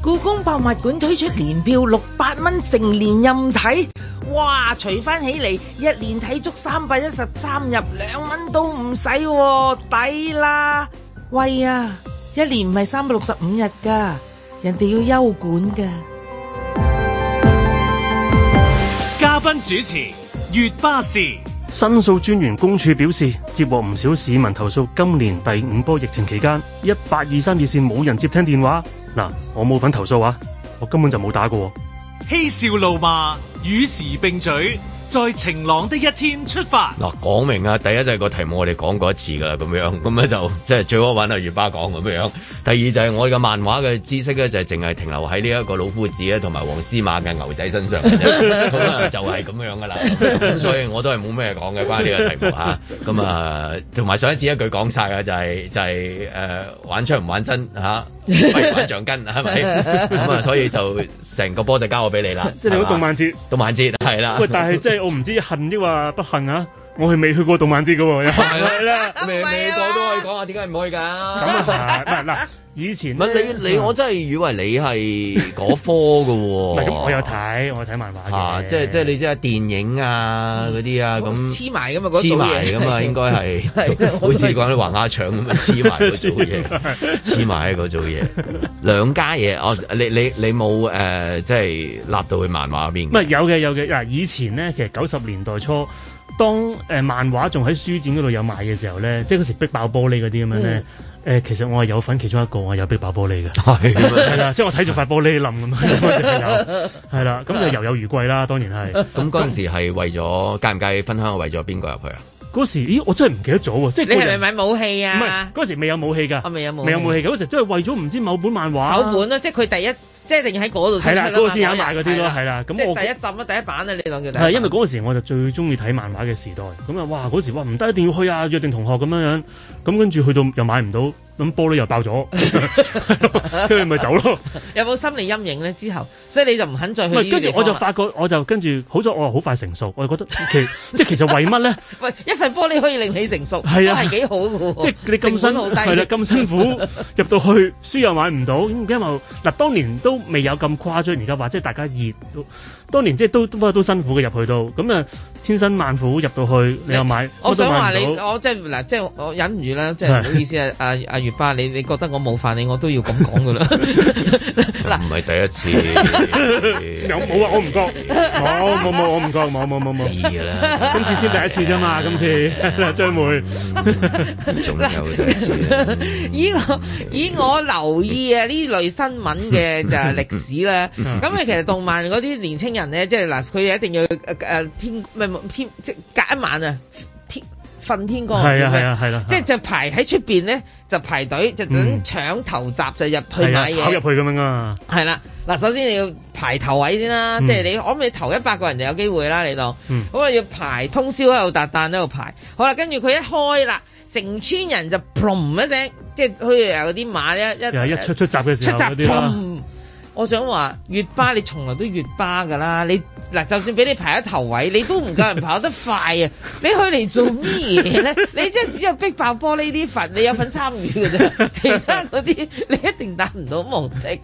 故宮博物館推出年票六百蚊，成年任睇。哇，除翻起嚟，一年睇足三百一十三日，兩蚊都唔使，啊，抵啦！喂啊，一年唔係三百六十五日噶，人哋要休館噶。嘉賓主持：月巴氏。申訴專員公署表示，接獲唔少市民投訴，今年第五波疫情期間，一八二三熱線冇人接聽電話。嗱，我冇份投訴啊，我根本就冇打過。嬉笑怒罵，與時並舉。在晴朗的一天出發。嗱，講、啊、明啊，第一就係個題目我哋講過一次噶啦，咁樣咁咧就即係最好玩啊，粵巴講咁樣。第二就係我哋嘅漫畫嘅知識咧，就係淨係停留喺呢一個老夫子咧同埋王司馬嘅牛仔身上，咁啊 就係咁樣噶啦。咁 所以我都係冇咩講嘅關於呢個題目吓，咁啊同埋上一次一句講晒嘅就係、是、就係、是、誒、呃、玩出唔玩真嚇。啊攞獎金係咪咁啊？所以就成個波就交我俾你啦。即係你好動漫節節，動漫節係啦。喂，但係即係我唔知恨，抑或不幸啊，我係未去過動漫節噶。係、嗯、啦，未未講都可以講、啊啊、 下，點解唔可以噶？咁啊，嗱、啊、嗱。啊啊啊啊啊以前唔係你你我真係以為你係嗰科嘅喎。 嗯、我有睇，我睇漫畫啊，即係即係你知，係電影啊嗰啲啊咁。黐埋噶嘛嗰組嘢。黐埋噶嘛， 應該係是。 好似嗰啲滑滑腸咁啊，黐埋嗰組嘢，黐埋嗰組嘢。兩家嘢，我你你你冇誒，即係立到去漫畫邊。唔係有嘅有嘅嗱，以前咧其實九十年代初，當誒漫畫仲喺書展嗰度有賣嘅時候咧，即係嗰時逼爆玻璃嗰啲咁樣咧。 嗯誒、呃，其實我係有份其中一個，我有迫爆玻璃嘅，係係啦，即係我睇住塊玻璃冧咁啊，係啦， 咁 就猶有餘悸啦，當然係。咁嗰時係為咗介唔介意分享，為咗邊個入去啊？嗰時，咦，我真係唔記得咗啊！即係你係咪買武器啊？唔係，嗰時未有武器噶，未有未有武器嘅嗰 時，真係為咗唔知某本漫畫，啊。首本啦，啊，即係佢第一。即一定要喺嗰度睇啦，嗰的嘛個先啱買嗰啲咯，係啦。咁即係第一集啦，第一版啊，你兩句。係因為嗰時我就最中意睇漫畫嘅時代，咁啊，哇！嗰時哇唔得，一定要去啊！約定同學咁樣樣，咁跟住去到又買唔到。咁、嗯、玻璃又爆咗，跟住咪走咯。 有冇心理陰影咧？之後，所以你就唔肯再去。跟住我就發覺，我就跟住，好彩我好快成熟，我就覺得其即係 其實為乜咧？喂， 一份玻璃可以令你成熟，係啊，係幾好嘅。即係你咁辛係啦，咁、啊、辛苦入到去，書又買唔到，因為嗱，當年都未有咁誇張，而家話，即係大家熱都。當年即係都不過都，都辛苦嘅入去到，咁啊千辛萬苦入到去，你又買。你買我想話你，我即係嗱，即係我忍唔住啦，即係唔是 好意思啊，阿阿月巴，你你覺得我冇犯你冒犯，我都要咁講㗎啦。唔係 第一次、啊。有冇啊？我唔覺。冇冇冇，我唔覺。冇冇冇冇。知㗎啦，今次先第一次啫、啊、嘛，今次張梅仲有第一次。依 個以，以我留意啊呢類新聞嘅就係歷史咧，咁啊、 嗯、 其實動漫嗰啲年輕人。即係嗱，佢哋一定要誒誒、呃、天唔天即隔一晚啊，天瞓天光係啊係啊係啦，啊、即係就排喺出邊咧就排隊、嗯、就等搶頭閘就入去買嘢入、啊、去咁樣啊，係啦嗱，首先你要排頭位先啦，即係、嗯、你可唔可以頭一百個人就有機會啦？你度，嗯、好啊要排通宵喺度達旦喺度排，好啦，跟住佢一開啦，成村人就砰一聲，即係佢似嗱啲馬一一、啊、一出出閘出時嚨我想話粵巴你從來都粵巴噶啦，你嗱就算俾你排一頭位，你都唔夠人跑得快啊！你去嚟做咩嘢咧？ 你即係只有逼爆玻璃啲粉，你有份參與嘅啫，其他嗰啲你一定達唔到目的。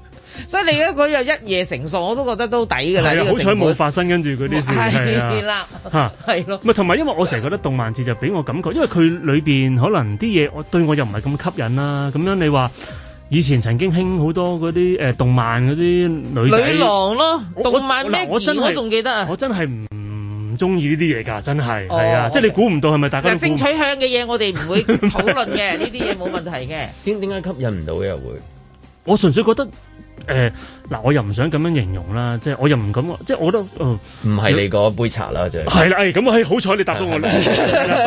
所以你而家嗰日一夜成熟，我都覺得都抵噶啦。係、啊、好彩冇發生跟住嗰啲事係啦。吓、啊，係咯、啊。係同埋，啊、因為我成日覺得動漫節就俾我感覺，因為佢裏邊可能啲嘢我對我又唔係咁吸引啦。咁樣你話？以前曾經興好多嗰啲誒動漫嗰啲女女郎咯，動漫咩？我真我仲記得啊！我真係唔唔中意呢啲嘢噶，真係係、oh, 啊！okay. 即係你估唔到係咪大家？性取向嘅嘢我哋唔會討論嘅，呢啲嘢冇問題嘅。點點解吸引唔到嘅又會？我純粹覺得。誒，嗱，我又唔想咁樣形容啦，即係我又唔敢，即係我都，唔係你嗰杯茶啦，就係。係啦，咁好彩你答到我，不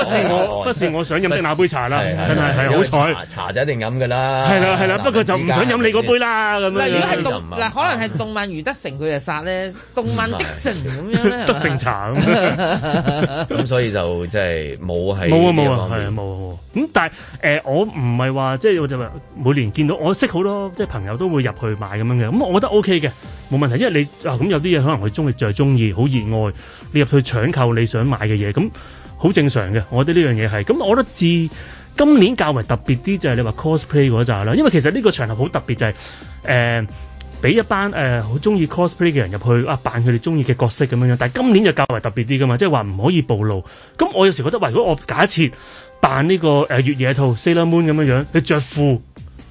是我不是我想飲的那杯茶啦，真係係好彩。茶就一定飲噶啦，係啦係啦，不過就唔想飲你嗰杯啦咁。嗱，如嗱，可能係動漫余德成佢就殺咧，動漫的成咁樣咧，德成茶。咁所以就即係冇係冇啊冇啊，係冇冇。咁但係誒、呃，我唔係話即係我就話每年見到我識好多即係朋友都會入去買咁樣嘅，咁我覺得 O K 嘅冇問題，因為你咁、啊、有啲嘢可能佢中意就係中意，好熱愛你入去搶購你想買嘅嘢，咁好正常嘅。我覺得呢樣嘢係咁，我覺得自今年較為特別啲就係你話 cosplay 嗰扎啦，因為其實呢個場合好特別、就是，就係誒俾一班誒好、呃、中意 cosplay 嘅人入去啊扮佢哋中意嘅角色咁樣樣，但係今年就較為特別啲噶嘛，即係話唔可以暴露。咁我有時覺得，喂，如果我假設。扮呢個誒月野兔，Sailor Moon 咁樣樣，你着褲，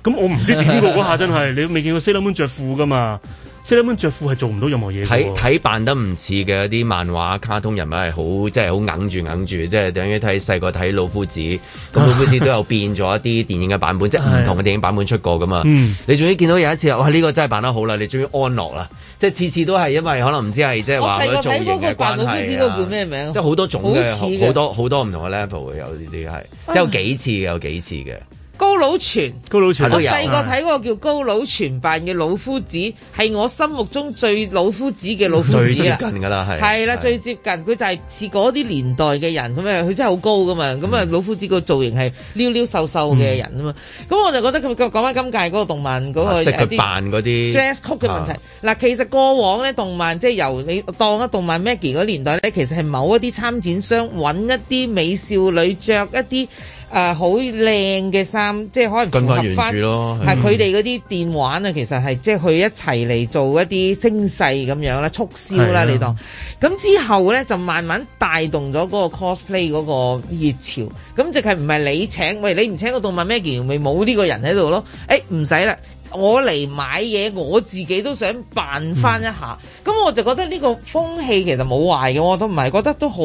咁我唔知點喎，嗰下 真係你未見過 Sailor Moon 着褲㗎嘛？即係根本着褲係做唔到任何嘢。睇睇扮得唔似嘅一啲漫畫卡通人物係好，即係好硬住硬住。即係等於睇細個睇老夫子，咁 老夫子都有變咗一啲電影嘅版本， 即係唔同嘅電影版本出過噶嘛。 你終於見到有一次，哇！呢、呢個真係扮得好啦，你終於安樂啦。即係次次都係因為可能唔知係即係話、嗰個、造型嘅關係、啊、老夫子都叫咩名即 label？即係好多種嘅好多好多唔同嘅 level 嘅有呢啲係，有幾次嘅有幾次嘅。高佬全，高佬全都有，我細個睇嗰個叫高佬全扮嘅老夫子，係我心目中最老夫子嘅老夫子啦。最近噶啦，係係啦，最接近佢就係似嗰啲年代嘅人咁啊，佢真係好高噶嘛，咁啊、嗯、老夫子個造型係溜溜瘦瘦嘅人啊嘛，咁、嗯、我就覺得佢講翻今屆嗰、那個動漫嗰、那個、啊、即係啲扮嗰啲 dress code 嘅的問題。嗱、啊，其實過往咧，動漫即係由你當一動漫 Maggie 嗰年代咧，其實係某一啲參展商揾一啲美少女着一啲。誒好靚嘅衫，即係可能符合翻。係佢哋嗰啲電玩啊，嗯、其實係即係佢一齊嚟做一啲聲勢咁樣啦，促銷啦，是啊、你當。咁之後咧就慢慢帶動咗嗰個 cosplay 嗰個熱潮。咁即係唔係你請？喂，你唔請個動物 Maggie 咪冇呢個人喺度咯。誒唔使啦，我嚟買嘢，我自己都想扮翻一下。咁、嗯、我就覺得呢個風氣其實冇壞嘅，我都唔係覺得都好。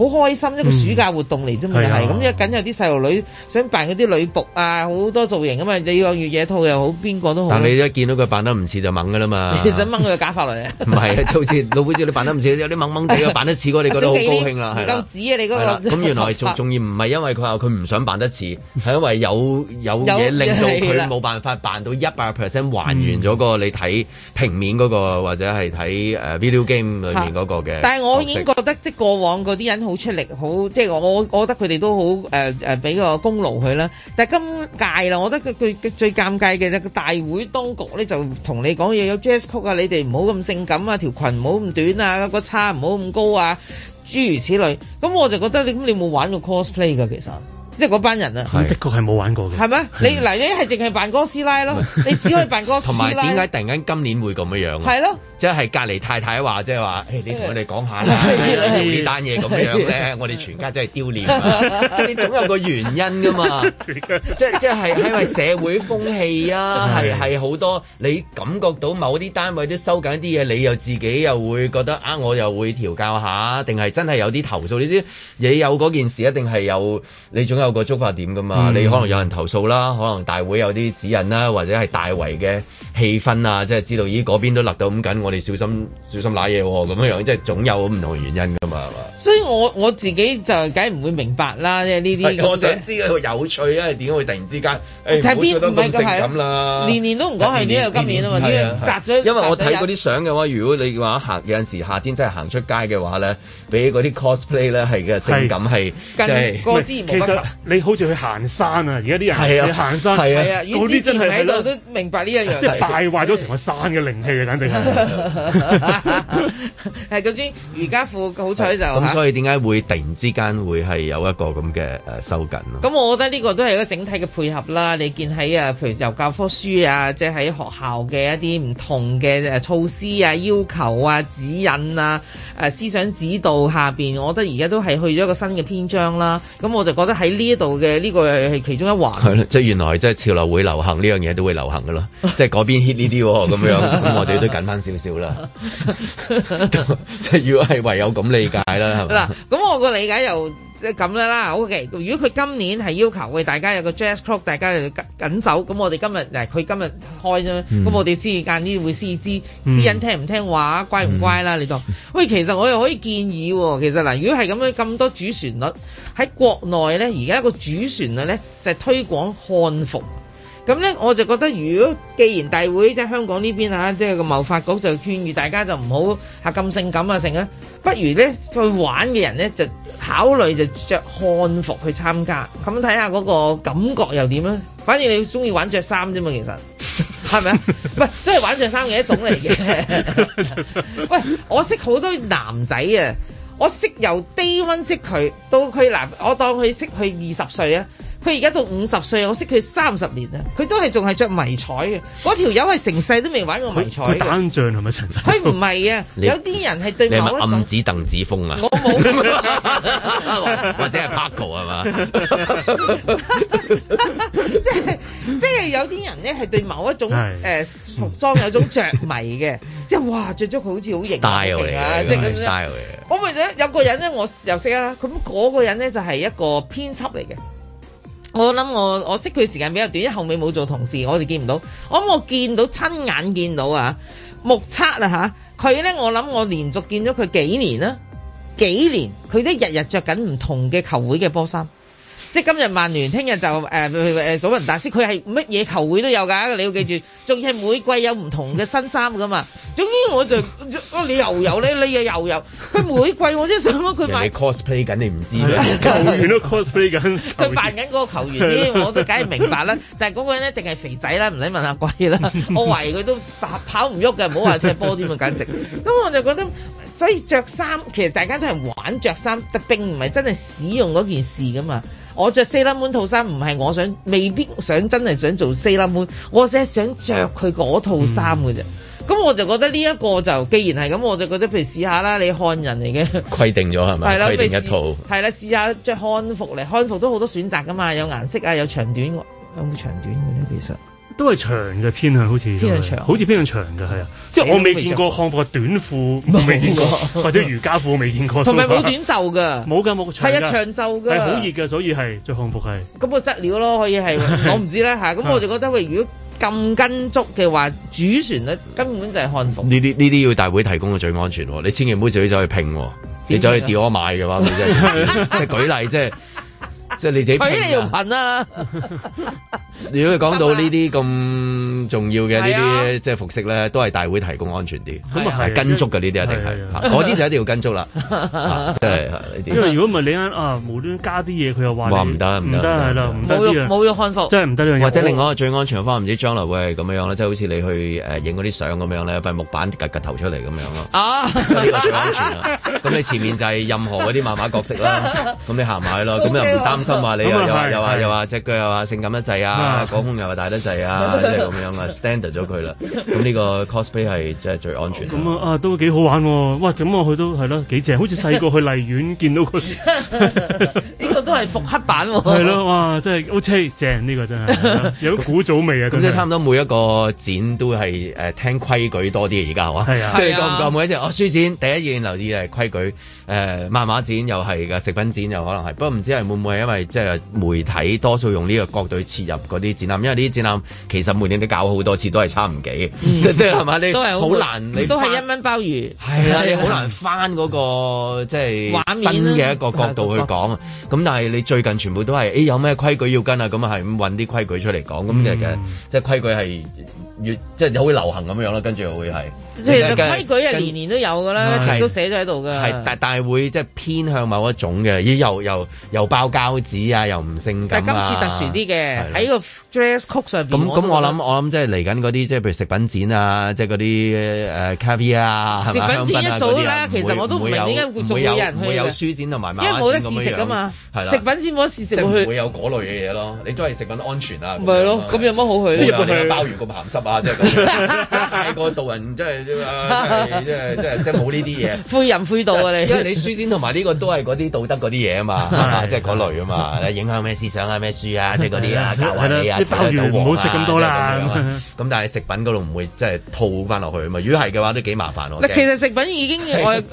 好開心一個暑假活動嚟啫嘛，係咁一緊有啲細路女想扮嗰啲女僕啊，好多造型啊嘛，你要月野兔又好，邊個都好。但你一見到佢扮得唔似就掹㗎啦嘛，想掹佢假髮嚟，唔係，好似老虎仔你扮得唔似，有啲掹掹地，又扮得似嗰，你覺得好高興啦，係夠紙啊你嗰個咁原來仲仲要唔係因為佢話佢唔想扮得似，係因為有有嘢令到佢冇辦法扮到一百 percent 還原咗個你睇平面嗰個或者係睇誒 video game 裏面嗰個嘅。但係我已經覺得即係過往嗰啲人。冇出力，好即係我，我覺得佢哋都好誒誒，俾、呃呃、個功勞佢啦。但係今屆啦，我覺得佢最尷尬嘅咧，個大會當局咧就同你講嘢，有 Jazz 爵士曲啊，你哋唔好咁性感啊，條裙唔好咁短啊，個叉唔好咁高啊，諸如此類。咁、嗯、我就覺得你咁，你冇玩過 cosplay 噶，其實即係嗰班人啊。的確係冇玩過嘅。係咩？你嚟你係淨係扮哥斯拉咯， 你只可以扮哥斯拉。同埋，點解突然間今年會咁樣樣啊？係咯。即係隔離太太話，即係話，誒你同我哋講下啦，的你做呢單嘢咁樣咧的，我哋全家真係丟臉啊！ 即係你總有個原因噶嘛，即係即係係因為社會風氣啊，係係好多你感覺到某啲單位都收緊一啲嘢，你又自己又會覺得啊，我又會調教下，定係真係有啲投訴？你知，你有嗰件事一定係有，你總有個觸發點噶嘛？嗯、你可能有人投訴啦，可能大會有啲指引啦，或者係大圍嘅氣氛啊，即係知道咦嗰邊都勒到咁緊你小心小心揦嘢喎，咁樣樣即係總有唔同嘅原因噶嘛，係嘛？所以我我自己就梗係唔會明白啦，即係呢啲。我想知個有趣，因為點解會突然之間冇咗好多性感啦？年年都唔講係呢個今年啊嘛，砸咗。因為我睇嗰啲相嘅話，如果你話夏有陣時夏天真係行出街嘅話咧，俾嗰啲 cosplay 咧係嘅性感係，即係過之。其實你好似去行山啊，而家啲人你行山，係啊，嗰啲真係喺度都明白呢一樣。即係敗壞咗成個山嘅靈氣嘅，簡直係。係咁先，而 家父好彩就咁，嗯啊、所以點解會突然之間會係有一個咁嘅誒收緊咯？咁我覺得呢個都係一個整體嘅配合啦。你見喺啊，譬如由教科書啊，即係喺學校嘅一啲唔同嘅誒措施啊、要求啊、指引啊、誒、啊、思想指導下邊，我覺得而家都係去咗一個新嘅篇章啦。咁我就覺得喺呢一度嘅呢個係其中一環。係啦，即、就、係、是、原來即係潮流會流行呢樣嘢都會流行噶咯， 即係嗰邊 hit 呢啲咁樣，咁 我哋都跟翻少少。啦，即係如果係唯有咁理解啦，係咪？嗱、 嗯，咁我個理解又即係咁樣啦。O、okay, K，如果佢今年係要求喂大家有個 Jazz Club，大家就緊走。咁我哋今日嚟，佢、嗯、今日開咗，咁我哋之間呢會先知啲人聽唔聽話，乖唔乖啦？你當喂，其實我又可以建議，其實嗱，如果係咁樣咁多主旋律喺國內咧，而家個主旋律咧就係、是、推廣漢服。咁咧、嗯，我就覺得，如果既然大會即係香港呢邊嚇，即係個貿發局就勸喻大家就唔好嚇咁性感啊成啊，不如咧去玩嘅人咧就考慮就著漢服去參加，咁睇下嗰個感覺又點啊？反正你中意玩着衫啫嘛，其實係咪啊？唔係 都係玩着衫嘅一種嚟嘅。 喂，我識好多男仔啊，我識由 day one 識佢到佢男，我當佢識佢二十歲啊。佢而家到五十歲，我識佢三十年啦。佢都係仲係着迷彩嘅。嗰條友係成世都未玩過迷彩。佢單將係咪陳生？佢唔係啊，有啲人係對某一種。你係咪暗指鄧梓峰啊？我冇。或者係 Paco 係嘛？即係即係有啲人咧，係對某一種誒服裝有種着迷嘅，即係哇，着咗佢好似好型啊！即係咁樣。我咪就，有個人咧，我又識啦。咁嗰個人咧就係一個編輯嚟嘅。我諗我我識佢時間比較短，因為後尾冇做同事，我哋見唔到。我諗我見到，親眼見到啊，目測啊吓，佢咧我諗我連續見咗佢幾年啦，幾年佢都日日着緊唔同嘅球會嘅波衫。即係今日曼聯，聽日就誒誒祖雲達斯，佢係乜嘢球會都有㗎。你要記住，仲要係每季有唔同嘅新衫㗎嘛。總之我就你又有咧，你又又有佢每季我真係想咯，佢買 cosplay 緊，你唔知啦，球員都 cosplay 緊，佢扮緊嗰個球員 我都梗係明白啦。但係嗰個人一定係肥仔啦，唔使問阿貴啦。我懷疑佢都跑唔喐嘅，唔好話踢波添啊，簡直咁我就覺得，所以着衫其實大家都係玩着衫，但並唔係真係使用嗰件事㗎嘛。我着四粒妹套衫唔係我想，未必想真係想做四粒妹，我只係想着佢嗰套衫嘅啫。咁、嗯、我就覺得呢一個就既然係咁，我就覺得譬如試下啦，你漢人嚟嘅，規定咗係咪？係啦了，規定一套。係啦，試下着漢服嚟，漢服都好多選擇噶嘛，有顏色啊，有長短，啊，有冇長短嘅、啊、咧？其實。都係長嘅偏向，好似偏向長，好似偏向長嘅係啊！即係我未見過漢服嘅短褲，未見過或者瑜伽褲，未見過。同埋冇短袖嘅，冇㗎冇。係一長袖㗎，係好熱嘅，所以係着漢服係。咁個質料咯，可以係我唔知啦嚇。咁我就覺得喂，如果咁跟足嘅話，主旋律根本就係漢服。呢啲呢啲要大會提供嘅最安全。你千祈唔好自己走去拼，你走去掉我 a 買嘅話，即係舉例即係。即係你自己，你用貧啦。如果講到呢啲咁重要嘅呢啲，即係服飾咧，都係大會提供安全啲，咁啊係跟足嘅呢啲一定係，嗰啲就一定要跟足啦，即係因為如果唔係你啱啊，無端加啲嘢，佢又話唔得，唔得係啦，唔得冇咗漢服真係唔得，或者另外一個最安全方，唔知將來會係咁樣咧，即係好似你去誒影嗰啲相咁樣咧，塊木板夾夾頭出嚟咁樣咯。啊，呢個最安全啊！咁你前面就係任何嗰啲漫畫角色啦，咁你行埋去咯，咁又唔擔心話你又說又話又話又話隻腳又話性感得滯啊，講哇 空又話大得滯啊，即係咁樣啊，standard 咗佢啦。咁呢 個 cosplay 係即係最安全、嗯。咁、嗯、啊啊都幾好玩喎、哦！哇，咁啊佢都係咯幾正，好似細個去荔園見到佢。 都係復刻版喎，係咯，哇！真係 O K，正呢個真係有古早味啊。咁即差唔多每一個展都係誒聽規矩多啲嘅，而家係嘛？即係你夠唔夠？每一件我書展第一件留意係規矩，誒漫畫展又係嘅，食品展又可能係。不過唔知係會唔會因為即係媒體多數用呢個角度切入嗰啲展覽，因為呢啲展覽其實每年都搞好多次都係差唔幾，即係係嘛？你都係好難，你都係一蚊鮑魚。係啊，你好難翻嗰個即係畫面嘅一個角度去講咁但係你最近全部都係誒、欸，有咩規矩要跟啊？咁啊係咁搵啲規矩出嚟講。咁嘅嘅，即係規矩係。越即係好會流行咁樣咯，跟住會係。其實規矩係年年都有㗎啦，一直都寫咗喺度㗎。但但係會即係偏向某一種嘅，又又又包膠紙啊，又唔性感，但今次特殊啲嘅，喺個 dress code 上邊。咁咁我諗我諗即係嚟緊嗰啲即係譬如食品展啊，即係嗰啲誒卡啤啊。食品展一早啦，其實我都唔明點解會仲有人去嘅？因為冇得試食㗎嘛。食品展冇得試食去，會有嗰類嘅嘢咯，你都係食品安全啊。咪係咯，咁有乜好去即係入包完咁鹹濕即係太過道人，真係啫嘛，即係即係即係冇呢啲嘢，灰人灰道啊你。因為你書展同埋呢個都係嗰啲道德嗰啲嘢啊嘛，即係嗰類啊嘛，影響咩思想啊咩書啊，即係嗰啲啊，打橫你啊，唔好食咁多啦。咁但係食品嗰度唔會即係吐翻落去啊嘛。如果係嘅話都幾麻煩喎。其實食品已經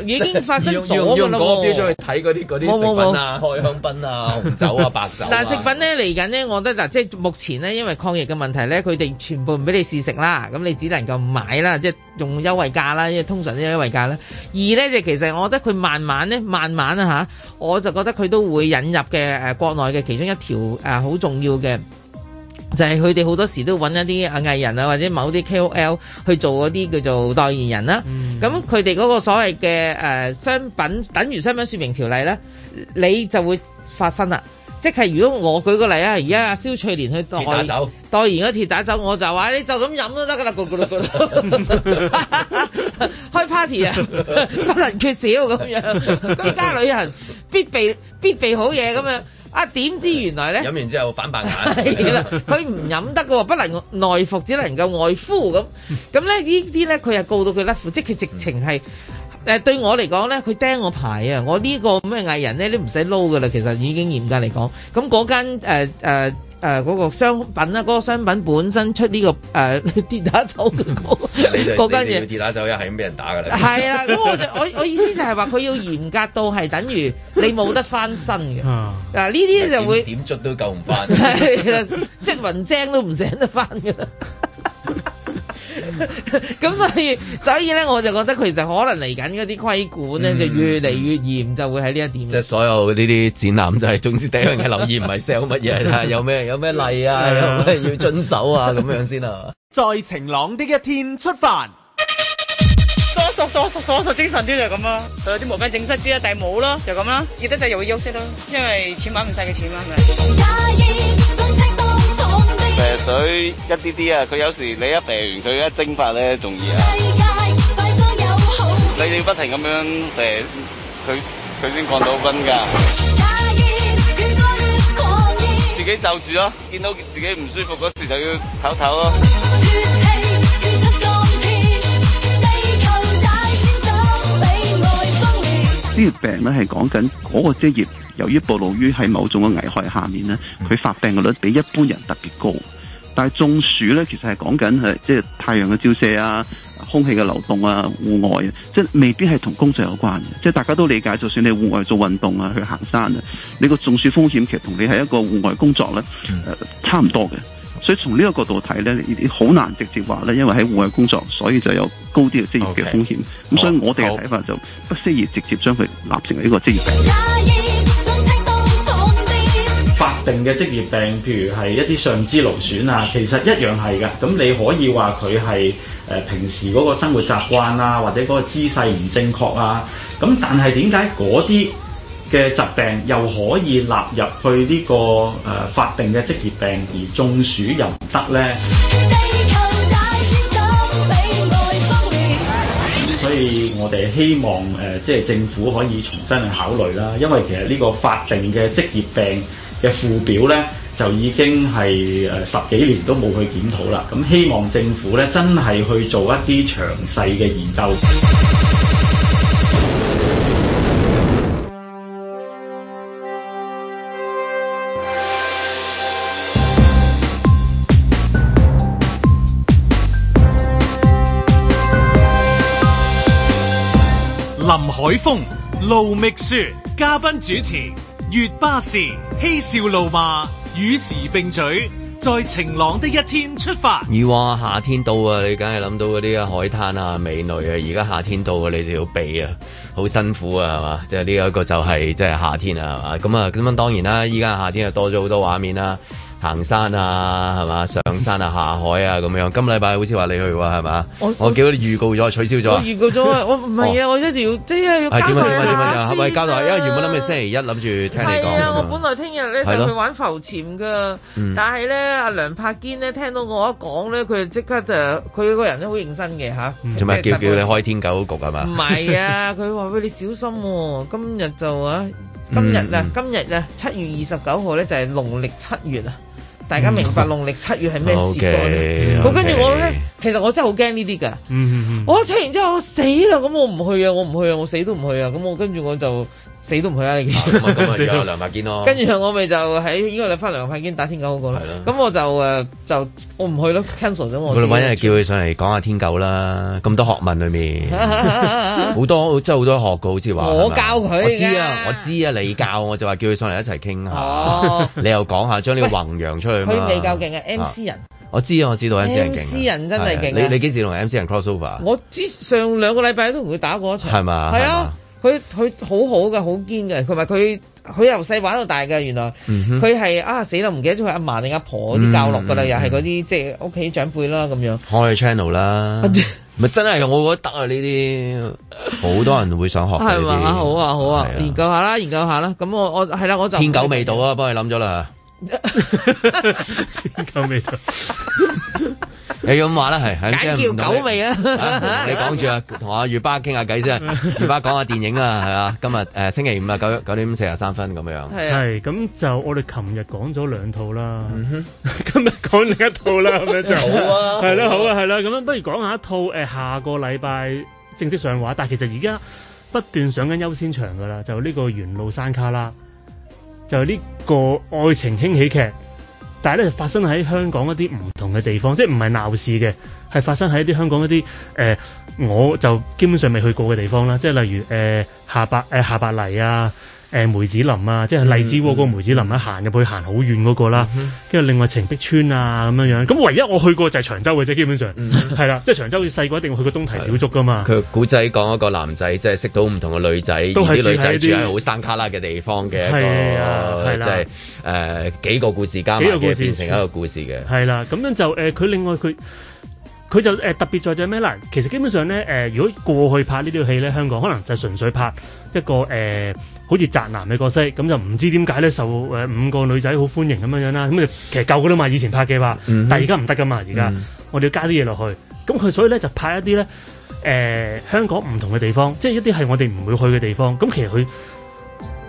已經發生咗我咯。要用嗰個去睇嗰啲嗰啲食品啊、香檳啊、紅酒啊、白酒。但係食品咧嚟緊呢，我覺得嗱，即係目前呢，因為抗疫嘅問題咧，佢哋全部唔俾你試。食啦，咁你只能夠買啦，即係用優惠價啦，因為通常都優惠價啦。二呢，就其實我覺得佢慢慢呢，慢慢啊吓，我就覺得佢都會引入嘅，誒、呃，國內嘅其中一條誒好重要嘅，就係佢哋好多時都揾一啲誒藝人啊或者某啲 KOL 去做嗰啲叫做代言人啦。咁佢哋嗰個所謂嘅誒商品，等於商品說明條例呢，你就會發生啦。即係如果我舉個例啊，而家阿蕭翠蓮去代言代言嗰鐵打酒，我就話你就咁飲都得噶啦，咯咯咯開 party 啊，不能缺少咁樣，居家旅行必備必備好嘢咁樣，啊點知原來咧飲完之後反白眼啦，佢唔飲得嘅喎，不能內服，只能夠外敷咁。咁咧呢啲咧佢又告到佢甩褲，即係佢直情係。誒對我嚟講咧，佢釘我牌啊！我個藝呢個咩藝人咧，你唔使撈嘅啦，其實已經嚴格嚟講。咁嗰間誒誒誒嗰個商品啦，嗰、嗰個、商品本身出呢、呢個誒跌打酒嘅嗰間嘢，跌打酒又係咁俾人打㗎啦。係 啊，咁我就我我意思就係話，佢要嚴格到係等於你冇得翻身嘅。嗱呢啲就會點捽都救唔翻，即雲精都唔成得翻嘅。咁所以所以咧，我就覺得其實可能嚟緊嗰啲規管咧，就越嚟越嚴，就會喺呢一點。即係所有呢啲展覽就係總之，第一樣嘅留意唔係 sell 乜嘢，睇下有咩有咩例啊，有咩要遵守啊咁樣先啦。在晴朗的一天出發，索索索索索精神啲就咁啦，仲有啲無邊景色啲啊，戴冇啦就咁啦，熱得滯又會休息啦，因為錢玩唔晒嘅錢係咪？射水一啲啲啊，佢有時你一射完，佢一蒸發咧，仲易啊！世界，有好，你哋不停咁樣射，佢佢先降到溫㗎。願多願多願自己就住咯、啊，見到自己唔舒服嗰時就要唞唞咯。呢條病咧係講緊嗰個職業，由於暴露於喺某種嘅危害下面咧，佢發病率比一般人特別高。但係中暑咧，其實係講緊係即係太陽嘅照射啊、空氣嘅流動啊、戶外啊，即係未必係同工作有關嘅。即係大家都理解，就算你戶外做運動啊、去行山啊，你個中暑風險其實同你係一個戶外工作咧、啊，誒、呃、差唔多嘅。所以從呢一個角度睇咧，好難直接話呢，因為喺戶外工作，所以就有高啲嘅職業嘅風險。咁 Okay. 所以我哋嘅睇法就不適宜直接將佢納成一個職業病。Okay. 好法定嘅職業病，譬如係一啲上肢勞損啊，其實一樣係嘅。咁你可以話佢係誒平時嗰個生活習慣啊，或者嗰個姿勢唔正確啊。咁但係點解嗰啲？嘅疾病又可以納入去呢、這個誒、呃、法定嘅職業病，而中暑又唔得呢、 嗯。所以，我哋希望誒即係政府可以重新去考慮啦。因為其實呢個法定嘅職業病嘅附表呢，就已經係誒十幾年都冇去檢討啦。咁、嗯、希望政府呢，真係去做一啲詳細嘅研究。海風、盧覓雪，嘉賓主持，月巴士嬉笑怒罵，與時並舉，在晴朗的一天出發。而話、呃、夏天到，到啊，你梗係諗到嗰啲啊海灘啊美女啊，而家夏天到啊，你就要避啊，好辛苦啊，係嘛？即係呢一個就係、是、即係夏天啊，係嘛？咁啊，咁樣當然啦，依家夏天又多咗好多畫面啦。行山啊，係嘛？上山啊，下海啊，咁樣。今禮拜好似話你去喎，係嘛？我我叫你預告咗，取消咗、啊。我預告咗，我唔係啊， 哦、我一定要，即係要交代。點啊？交代，因為原本諗住星期一諗住聽你講。係啊，我本來聽日咧就是、去玩浮潛噶，嗯、但係咧阿梁柏堅呢聽到我一講咧，佢就即刻就，佢個人咧好認真嘅吓。做、啊、咩、嗯、叫 叫你開天狗局係嘛？唔係 啊，佢話俾你小心、啊，今日就啊，今日啊，今日啊、嗯，七月二十九號咧就係農曆七月啊。大家明白農曆七月係咩時代？咁跟住我咧，其實我真係好驚呢啲㗎。 我聽完之後，我死啦！咁我唔去啊，我唔去啊，我死都唔去啊！咁我跟住我就。死都唔去啊！你咁咪仲有梁柏堅咯，跟住我咪就喺呢個禮拜梁柏堅打天狗嗰個咧。咁我就誒就我唔去咯，cancel 咗我。佢你揾人叫佢上嚟講下天狗啦，咁多學問裏面，好多即係好多學嘅，好似話。我教佢。我知啊，我知啊，你教我就話叫佢上嚟一齊傾下。你又講下將呢個弘揚出去。佢未夠勁嘅 MC 人。我知啊，我知道 MC 人真係勁。你你幾時同 MC 人 cross over？我之上兩個禮拜都同佢打過一場。係嘛？係啊。佢佢好好嘅，好堅嘅。佢話佢佢由細玩到大嘅。原來佢係、嗯、哼啊死啦！唔記得咗佢阿嫲定阿婆啲教落噶啦，嗯嗯、又係嗰啲即係屋企長輩啦咁樣。開 channel 啦，咪 真係我覺得得啊！呢啲好多人會想學。係嘛？好啊好啊，啊研究下啦研究下啦。咁我我係啦，我就天狗味道啊！幫你諗咗啦。天狗味道。你咁話啦，係簡稱唔同。你講住啊，同阿月巴傾下偈先。 月巴講下電影啊，係啊，今日誒、呃、星期五 9, 9啊，九九點四十三分咁樣。係咁就我哋琴日講咗兩套啦，嗯、 今日講另一套啦咁樣就 好啊。係啦， 好啊，係啦，咁樣不如講下一套誒，下個禮拜正式上畫，但係其實而家不斷上緊優先場噶啦，就呢、是這個緣路山旮旯，就呢、是、個愛情輕喜劇。但係咧，發生喺香港一啲唔同嘅地方，即係唔係鬧市嘅，係發生喺一啲香港一啲誒、呃，我就基本上未去過嘅地方啦，即係例如誒、呃、下白誒、呃、下白泥啊。誒梅子林啊，即係荔枝窩嗰個梅子林啊，一行入去行好遠嗰個啦。跟住、嗯、哼另外澄碧村啊咁樣樣，咁唯一我去過就係長洲嘅啫。基本上係啦，即係、嗯哼就是、長洲，細個一定會去過東堤小築噶嘛。佢古仔講一個男仔，即係識到唔同嘅女仔，都而啲女仔住喺好山卡拉嘅地方嘅一個，即係誒幾個故事加埋嘅，幾個故事變成一個故事嘅。係啦，咁樣就誒，佢、呃、另外佢佢就誒、呃、特別在就咩啦？其實基本上咧，誒、呃、如果過去拍呢啲戲咧，香港可能就純粹拍一個誒。呃好似宅男嘅角色咁，就唔知點解咧受，誒五個女仔好歡迎咁樣樣啦，咁其實舊嘅啦嘛，以前拍嘅話，嗯、哼但係而家唔得噶嘛，而家、嗯、我哋要加啲嘢落去，咁佢所以咧就拍一啲咧誒香港唔同嘅地方，即係一啲係我哋唔會去嘅地方。咁其實佢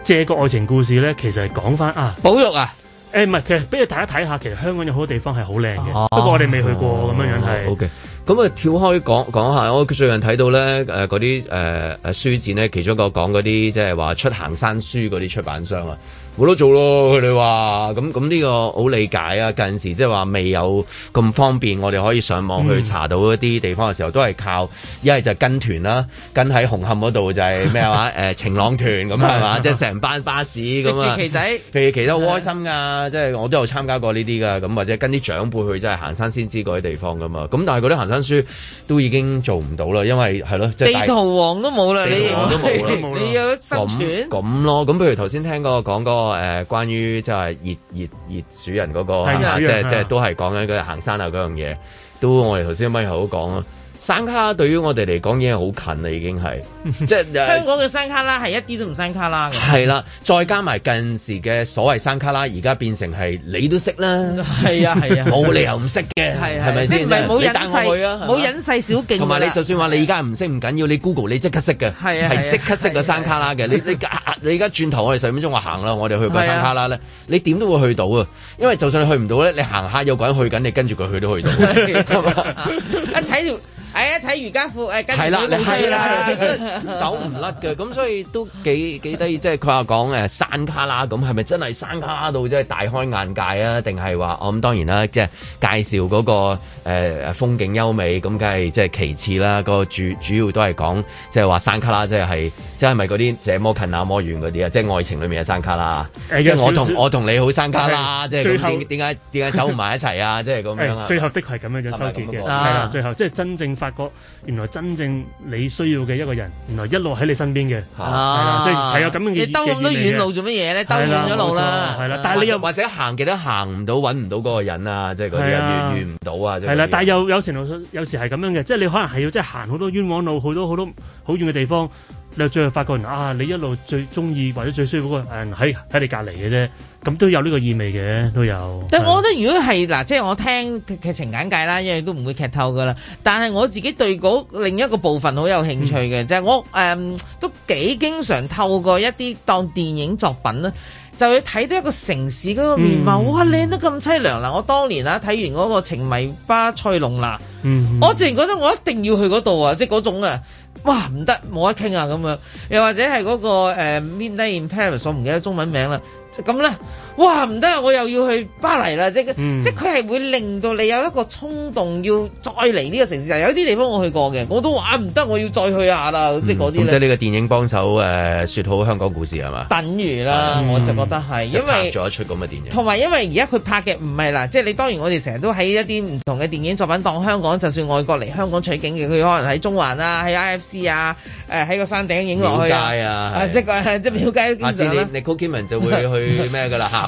借個愛情故事咧，其實係講翻啊保育啊，誒唔係其實俾大家睇下，其實香港有好多地方係好靚嘅，啊、不過我哋未去過咁、哦、樣樣係。Okay. 咁啊，跳開講講下，我最近睇到咧，誒嗰啲誒誒，書展咧，其中一個講嗰啲即係話出行山書嗰啲出版商啊。冇得做咯，佢哋話咁咁呢個好理解啊！近時即係話未有咁方便，我哋可以上網去查到一啲地方嘅時候，都係靠一係就跟團啦，跟喺紅磡嗰度就係咩話誒晴朗團咁係嘛，即係成班巴士咁啊。住旗仔，譬如其實好開心㗎，即係我都有參加過呢啲㗎，咁或者跟啲長輩去即係行山先知嗰啲地方㗎嘛。咁但係嗰啲行山書都已經做唔到啦，因為係咯，地圖王都冇啦，你你有失聯咁咯。咁譬如頭先聽個講個。誒、呃，關於的即係熱熱熱暑人嗰個即係即係都係講緊嗰行山啊，嗰樣嘢，都我哋頭先咪嘢好講咯。山卡拉對於我哋嚟講已經係好近啦，已經係即係香港嘅山卡拉係一啲都唔山卡拉嘅。係啦，再加埋近時嘅所謂山卡拉，而家變成係你都識啦。係啊，係啊，冇理由唔識嘅，係係咪先？即係唔係冇隱世？冇隱世小徑。同埋你就算話你而家唔識唔緊要，你 Google 你即刻識嘅，係即刻識個山卡拉嘅。你你你依家轉頭，我哋十五分鐘話行啦，我哋去個山卡拉咧，你點都會去到啊！因為就算你去唔到咧，你行下有個人去緊，你跟住佢去都去到。一睇條。係一睇《哎、瑜伽褲》哎，誒，梗係啦， 走唔甩嘅，咁所以都幾幾得意。即係佢話講誒，山卡拉咁，係咪真係山卡拉度？即係大開眼界啊？定係話我咁當然啦，即、就、係、是、介紹嗰、那個誒、呃、風景優美，咁梗係即係其次啦。個主主要都係講即係話山卡拉，即係。即係咪嗰啲這麼近那麼遠嗰啲啊？即係愛情裡面嘅山卡啦，即係我同我同你好山卡啦，即係點點解點解走唔埋一齊啊？即係咁樣啊。最後的確係咁樣嘅收結嘅，係啦。最後即係真正發覺，原來真正你需要嘅一個人，原來一路喺你身邊嘅，即係係啊。咁你兜咁多遠路做乜嘢咧？兜遠咗路啦，係啦。但係你又或者行極都行唔到揾唔到嗰個人啊？即係嗰啲遇遇唔到啊？係啦，但係又有時有時係咁樣嘅，即係你可能係要即係行好多冤枉路，好多好多好遠嘅地方。你最後發覺，人啊，你一路最中意或者最舒服嘅人喺喺你隔離嘅啫，咁都有呢個意味嘅，都有。但係我覺得如果係嗱，即係我聽劇情簡介啦，因為都唔會劇透噶啦。但係我自己對嗰另一個部分好有興趣嘅，嗯、就係我誒、嗯、都幾經常透過一啲當電影作品啦。就去睇到一個城市嗰個面貌，嗯、哇！靚得咁凄涼啦！我當年啊睇完嗰個《情迷巴塞隆拿》嗯哼，我自然覺得我一定要去嗰度啊！即係嗰種啊，哇！唔得，啊，冇得傾啊咁樣，又或者係嗰、那個誒 Midnight in Paris，我唔記得中文名啦，咁啦。哇，唔得啊！我又要去巴黎啦，即即佢係會令到你有一個衝動要再嚟呢個城市。就有啲地方我去過嘅，我都話唔得，我要再去下啦。即係嗰啲。即係呢個電影幫手誒説好香港故事係嘛？等於啦，我就覺得係，因為拍咗一出咁嘅電影。同埋因為而家佢拍嘅唔係啦，即係你當然我哋成日都喺一啲唔同嘅電影作品當香港，就算外國嚟香港取景嘅，佢可能喺中環啊，喺 IFC 啊，誒喺個山頂影落去啊，即係個即你你 c o 就會去咩㗎啦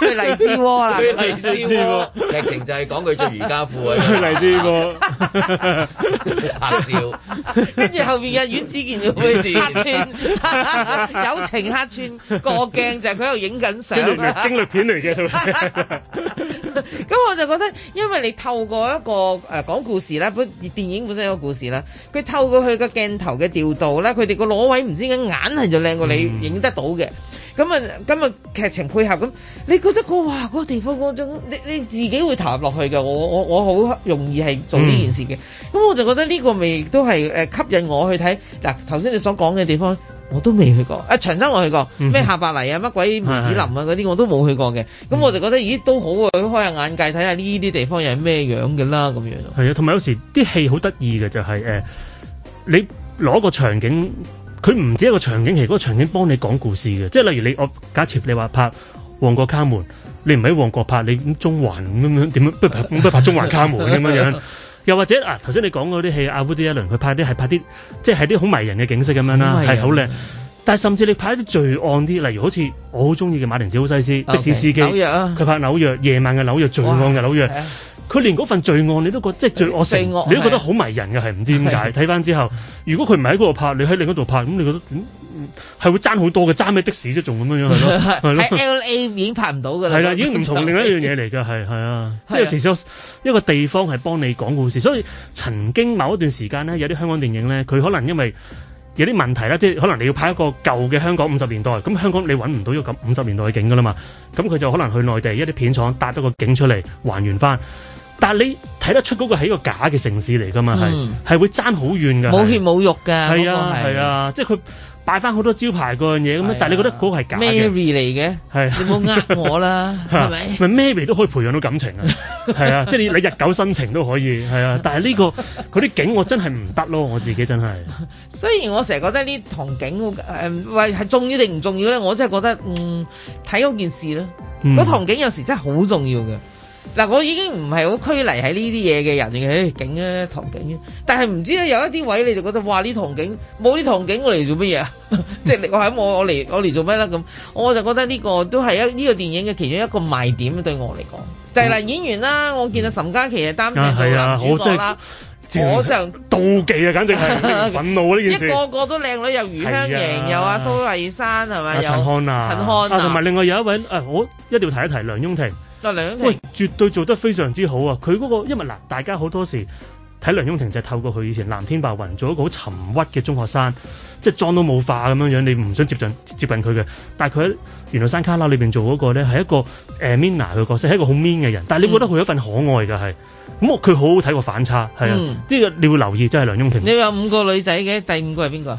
係荔枝窩喎，荔枝窩都要喎。劇情就係講佢做瑜伽褲，荔枝窩喎。拍照，跟住後邊嘅阮子健嘅故事，客串，友情客串，個鏡就係佢喺度影緊相，驚栗片嚟嘅。咁我就覺得，因為你透過一個誒講故事啦，本電影本身有個故事啦，佢透過佢個鏡頭嘅調度啦，佢哋個攞位唔知點，眼係就靚過你影得到嘅。咁啊，咁啊，劇情配合咁呢個。覺得個嗰、那個地方嗰種，你你自己會投入落去嘅。我我我好容易係做呢件事嘅。咁、嗯、我就覺得呢個咪都係誒吸引我去睇嗱。頭、啊、先你所講嘅地方，我都未去過。啊，長洲我去過，咩、嗯、哼 下白泥啊，乜鬼梅子林啊嗰啲，是是我都冇去過嘅。咁、嗯、我就覺得，咦，都好啊，開下眼界，睇下呢啲地方又係咩樣嘅啦。咁樣。係啊，同埋有時啲戲好得意嘅就係、是、誒、呃，你攞個場景，佢唔止一個場景，其實嗰個場景幫你講故事嘅。即係例如你，我假設你話拍。旺角卡門，你唔喺旺角拍，你咁中環咁樣點樣不如拍，不如拍中環卡門咁樣樣？又或者啊，頭先你講嗰啲戲，阿活地亞倫佢拍啲係拍啲即係啲好迷人嘅景色咁樣啦，係好靚。但係甚至你拍一啲罪案啲，例如好似我好鍾意嘅馬田史高西斯的士司機，佢拍紐約夜晚嘅紐約罪案嘅紐約，佢連嗰份罪案你都覺得即係罪惡城，你都覺得好迷人嘅，係唔知點解？睇返之後，如果佢唔喺嗰度拍，你喺另一度拍，咁你覺得？係會爭好多嘅，爭咩的士都仲咁樣樣係咯。係咯，喺 LA 已經拍唔到噶啦，係啦，已經唔同另一樣嘢嚟噶，係係啊，即係其實一個地方係幫你講故事，所以曾經某一段時間呢，有啲香港電影呢，佢可能因為有啲問題咧，即係可能你要拍一個舊嘅香港五十年代，咁香港你搵唔到呢個咁五十年代嘅景噶啦嘛，咁佢就可能去內地一啲片廠搭一個景出嚟還原翻，但係你睇得出嗰個係一個假嘅城市嚟噶嘛，係係會爭好遠噶，冇血冇肉噶，係啊係啊，即係佢。帶翻好多招牌嗰樣嘢咁，啊、但係你覺得嗰個係假嘅？係、啊、你冇呃我啦，係咪、 啊？咪咩味都可以培養到感情 啊，係啊，即係你你日久生情都可以，係啊。但係呢、這個嗰啲 景我真係唔得咯，我自己真係。雖然我成日覺得呢堂景誒，喂、呃、係重要定唔重要咧？我真係覺得嗯，睇嗰件事咧，嗰、那個、堂景有時真係好重要嘅。嗯嗱，我已經唔係好區離喺呢啲嘢嘅人嘅，景、哎、啊，唐景、啊，但係唔知有一啲位你就覺得哇，呢唐景，冇呢唐景，我嚟做乜嘢啊？即 係、 就是、我喺我我嚟我嚟做乜啦咁？我就覺得呢個都係一呢、呢個電影嘅其中一個賣點啊！對我嚟講，但係啦、嗯、演員啦，我見到岑嘉琪啊擔正男主角啦，我，我就妒忌啊，簡直係 憤怒呢、啊、件事，一個個都靚女，有余香盈，有阿蘇麗珊係咪？陳漢啊，陳漢同埋另外有一位我一定要提一提梁雍婷。啊喂，啊、絕對做得非常之好啊！佢嗰、那個，因為嗱，大家好多時睇梁雍婷就係透過佢以前藍天白雲做一個好沉鬱嘅中學生，即係裝都冇化咁樣樣，你唔想接近接近佢嘅。但係佢喺《原來山卡拉裡面、那個》裏邊做嗰個咧，係一個誒、呃、Mina 嘅角色，係一個好 mean 嘅人。但係你覺得佢有一份可愛嘅係，咁佢、嗯、好好睇過反差係啊！呢個、嗯、你會留意，真係梁雍婷。你有五個女仔嘅，第五個係邊個？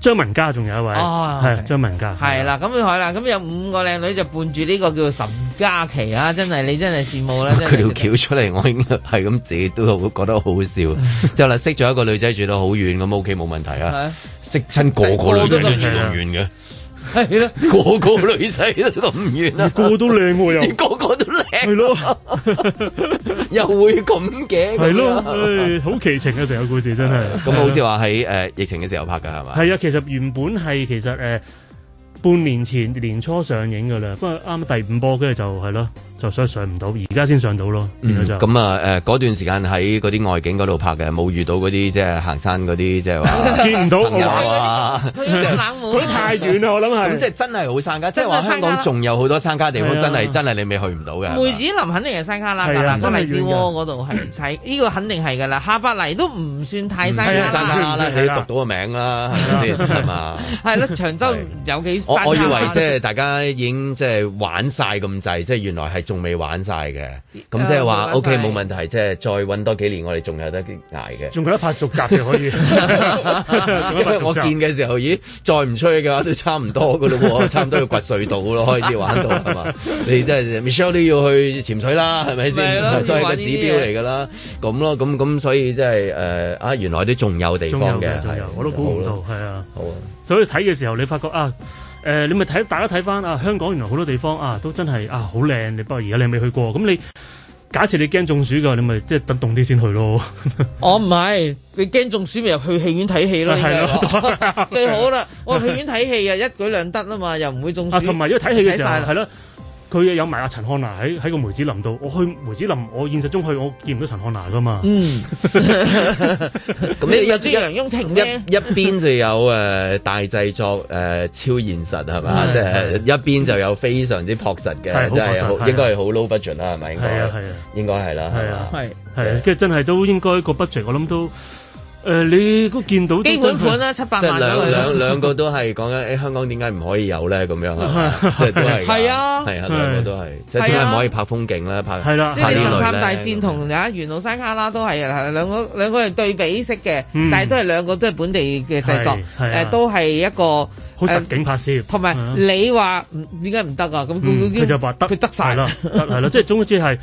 張文佳仲有一位，係張文佳，係啦，咁好啦，咁有五個靚女就伴住呢個叫岑嘉琪啊，真係你真係羨慕啦，佢條橋出嚟，我應該係咁自己都會覺得好好笑，之後啦，識咗一個女仔住到好遠，咁 OK 冇問題啊，識親個個女仔住都遠嘅。係啦，哎、個個女仔都咁遠啦， 個都靚喎、啊、又，個個都靚、啊，係咯，又會咁嘅，係咯、 嗯，好、哎、奇情嘅、啊、成個故事真係。咁、 嗯、好似話喺誒疫情嘅時候拍噶係嘛？係啊， 其實原本係其實誒。Uh, 半年前年初上映嘅啦，不過啱第五波，跟住就係咯，就所以上唔到，而家先上到咯。咁啊誒，嗰段時間喺嗰啲外景嗰度拍嘅，冇遇到嗰啲即係行山嗰啲即係話見唔到啊，係冷門，嗰啲太遠啦，我諗係。咁即係真係好山卡，即係話香港仲有好多山卡地方，真係真係你未去唔到嘅。梅子林肯定係山卡啦，嗱，真係荔枝窩嗰度係，呢個肯定係㗎啦。下北嚟都唔算太山卡啦。山卡啦，你要讀到個名啦，係咪先係嘛？係啦，長洲有幾？我以為即係大家已經即係玩晒咁滯，即係原來係仲未玩晒嘅。咁即係話 OK，冇問題。即係再揾多幾年，我哋仲有得捱嘅。仲覺得拍續集嘅可以。我見嘅時候，咦？再唔出去嘅話都差唔多㗎咯，差唔多要掘隧道咯，開始玩到係嘛？你真係 Michelle 都要去潛水啦，係咪先？都係個指標嚟㗎啦。咁咯，咁咁，所以即係誒啊！原來都仲有地方嘅，仲有我都估唔到，係啊，好啊。所以睇嘅時候，你發覺啊～誒、呃，你咪睇大家睇翻啊，香港原來好多地方啊，都真係啊好靚。你不過而家你未去過，咁你假設你驚中暑嘅，你咪即係等凍啲先去咯。我唔係，你驚中暑咪入去戲院睇戲咯，啊、 最好啦。我、 哦、戲院睇戲啊，一舉兩得啊嘛，又唔會中暑同埋、啊、如果睇戲嘅時候係咯。佢有埋阿陳漢娜喺喺個梅子林度，我去梅子林，我現實中去，我見唔到陳漢娜噶嘛？嗯，咁你有啲有人冤情一一邊就有誒大製作誒超現實係咪？即係一邊就有非常之朴實嘅，即係應該係好 low budget 啦係咪？應該係啊係啊，應該係啦係啊係，即係真係都應該個 budget 我諗都。誒你都見到基本盤啦，七百萬。即係兩兩兩個都係講緊誒，香港點解唔可以有咧？咁樣係啊，係啊，兩個都係，即係點解唔可以拍風景咧？拍即係《神探大戰》同緣路山旮旯，都係啊，係兩個兩個對比式嘅，但係都係兩個都係本地嘅製作，誒都係一個好實景拍攝，同埋你話點解唔得啊？咁佢就話得，佢得晒啦，係啦，即係總之係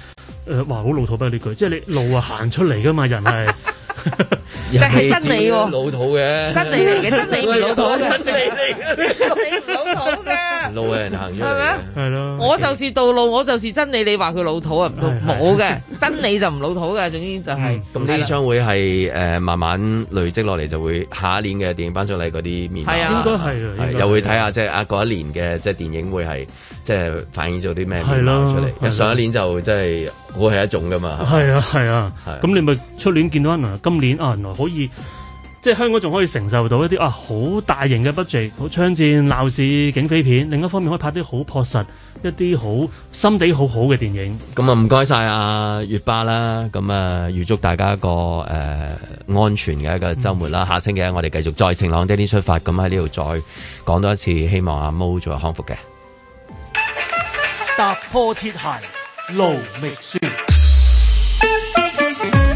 誒，哇！好老土不呢句，即係你路啊行出嚟㗎嘛，人係。但係真理喎，老土嘅真理嚟嘅，真理唔老土嘅，真理嚟嘅，真理唔老土嘅。老嘅人行出嚟，係咪？係咯。我就是道路，我就是真理。你話佢老土啊？唔通冇嘅，真理就唔老土嘅。總之就係。咁呢啲將會係誒慢慢累積落嚟，就會下一年嘅電影頒獎禮嗰啲面貌。係啊，應該係。又會睇下即係啊嗰一年嘅即係電影會係。即係反映咗啲咩出嚟？啊、上一年就真係好係一種㗎嘛。係啊，係啊，係咁你咪出年見到啊？原來今年啊，原來可以即係香港仲可以承受到一啲啊好大型嘅 budget，好槍戰鬧市、警匪片。另一方面可以拍啲好樸實、一啲好心地好好嘅電影。咁啊，唔該晒阿月巴啦。咁啊，預祝大家一個誒、呃、安全嘅一個週末啦。嗯、下星期、啊、我哋繼續再晴朗啲啲出發，咁喺呢度再講多一次，希望阿毛早日康復嘅。踏破鐵鞋路未舒。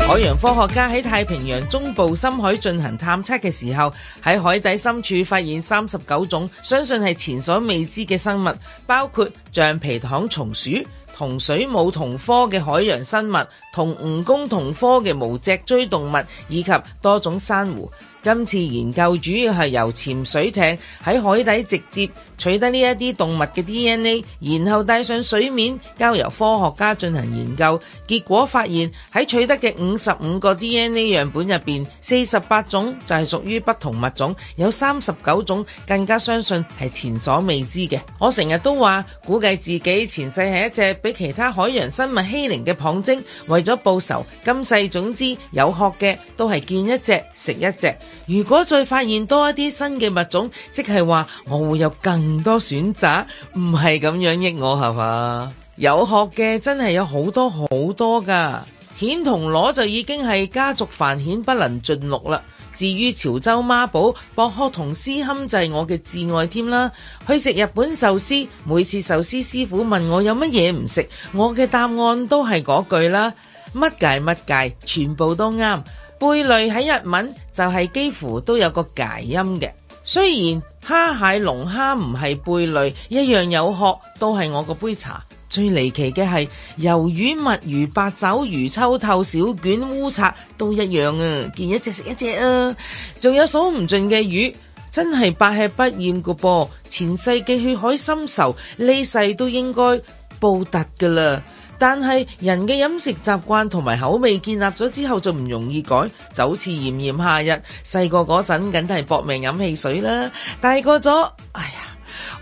海洋科學家喺太平洋中部深海進行探測嘅時候，喺海底深處發現三十九種相信係前所未知嘅生物，包括橡皮糖松鼠、同水母同科嘅海洋生物、同蜈蚣同科嘅無脊椎動物，以及多種珊瑚。今次研究主要係由潛水艇喺海底直接取得呢一啲動物嘅 DNA，然後帶上水面，交由科學家進行研究。結果發現喺取得嘅五十五個 DNA 樣本入邊，四十八種就係屬於不同物種，有三十九種更加相信係前所未知嘅。我成日都話，估計自己前世係一隻俾其他海洋生物欺凌嘅蚌精，為咗報仇，今世總之有殼嘅都係見一隻食一隻。如果再發現多一啲新嘅物種，即係話我會有更。唔多選擇，唔係咁樣益我係嘛？有學嘅真係有好多好多㗎，蜆同螺就已經係家族繁衍不能盡錄啦。至於潮州孖寶博學同詩堪就係我嘅摯愛添啦。去食日本壽司，每次壽司師傅問我有乜嘢唔食，我嘅答案都係嗰句啦。乜介乜介，全部都啱。貝類喺日文就係、是、幾乎都有個介音嘅，雖然。蝦蟹龍蝦唔係貝類，一樣有殼，都係我個杯茶。最離奇嘅係，魷魚、墨魚、八爪魚、秋透、小卷烏賊都一樣啊！見一隻食一隻啊！仲有數唔盡嘅魚，真係百吃不厭噶噃。前世嘅血海深仇，呢世都應該報答噶啦。但係人嘅飲食習慣同埋口味建立咗之後就唔容易改，就好似炎炎夏日，細個嗰陣梗係搏命飲汽水啦，大個咗，哎呀，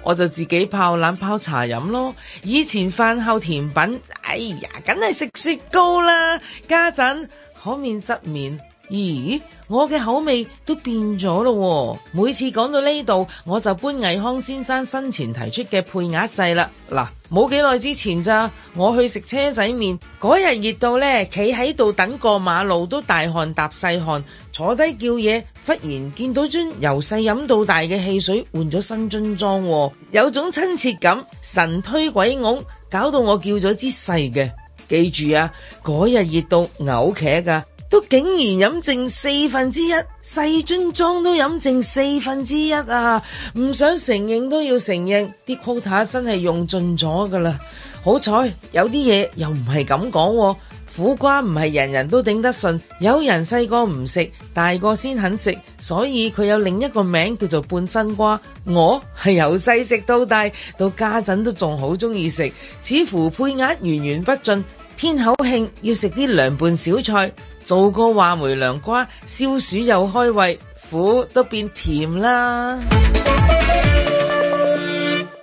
我就自己泡冷泡茶飲咯。以前飯後甜品，哎呀，梗係食雪糕啦。家陣可免則免。咦，我嘅口味都變咗咯！每次講到呢度，我就搬魏康先生生前提出嘅配額制啦。嗱，冇幾耐之前咋，我去食車仔麵，嗰日熱到呢，企喺度等過馬路都大汗搭細汗，坐低叫嘢，忽然見到樽由細飲到大嘅汽水換咗新樽裝，有種親切感，神推鬼拱，搞到我叫咗支細嘅。記住啊，嗰日熱到嘔茄噶！都竟然飲剩四分之一細樽裝都飲剩四分之一啊！唔想承認都要承認，啲 quota 真係用盡咗噶啦。好彩有啲嘢又唔係咁講，苦瓜唔係人人都頂得順，有人細個唔食，大個先肯食，所以佢有另一個名叫做半生瓜。我係由細食到大，到家陣都仲好中意食，似乎配額源源不盡。天口慶要食啲涼拌小菜。做個話梅涼瓜，消暑又開胃，苦都變甜啦～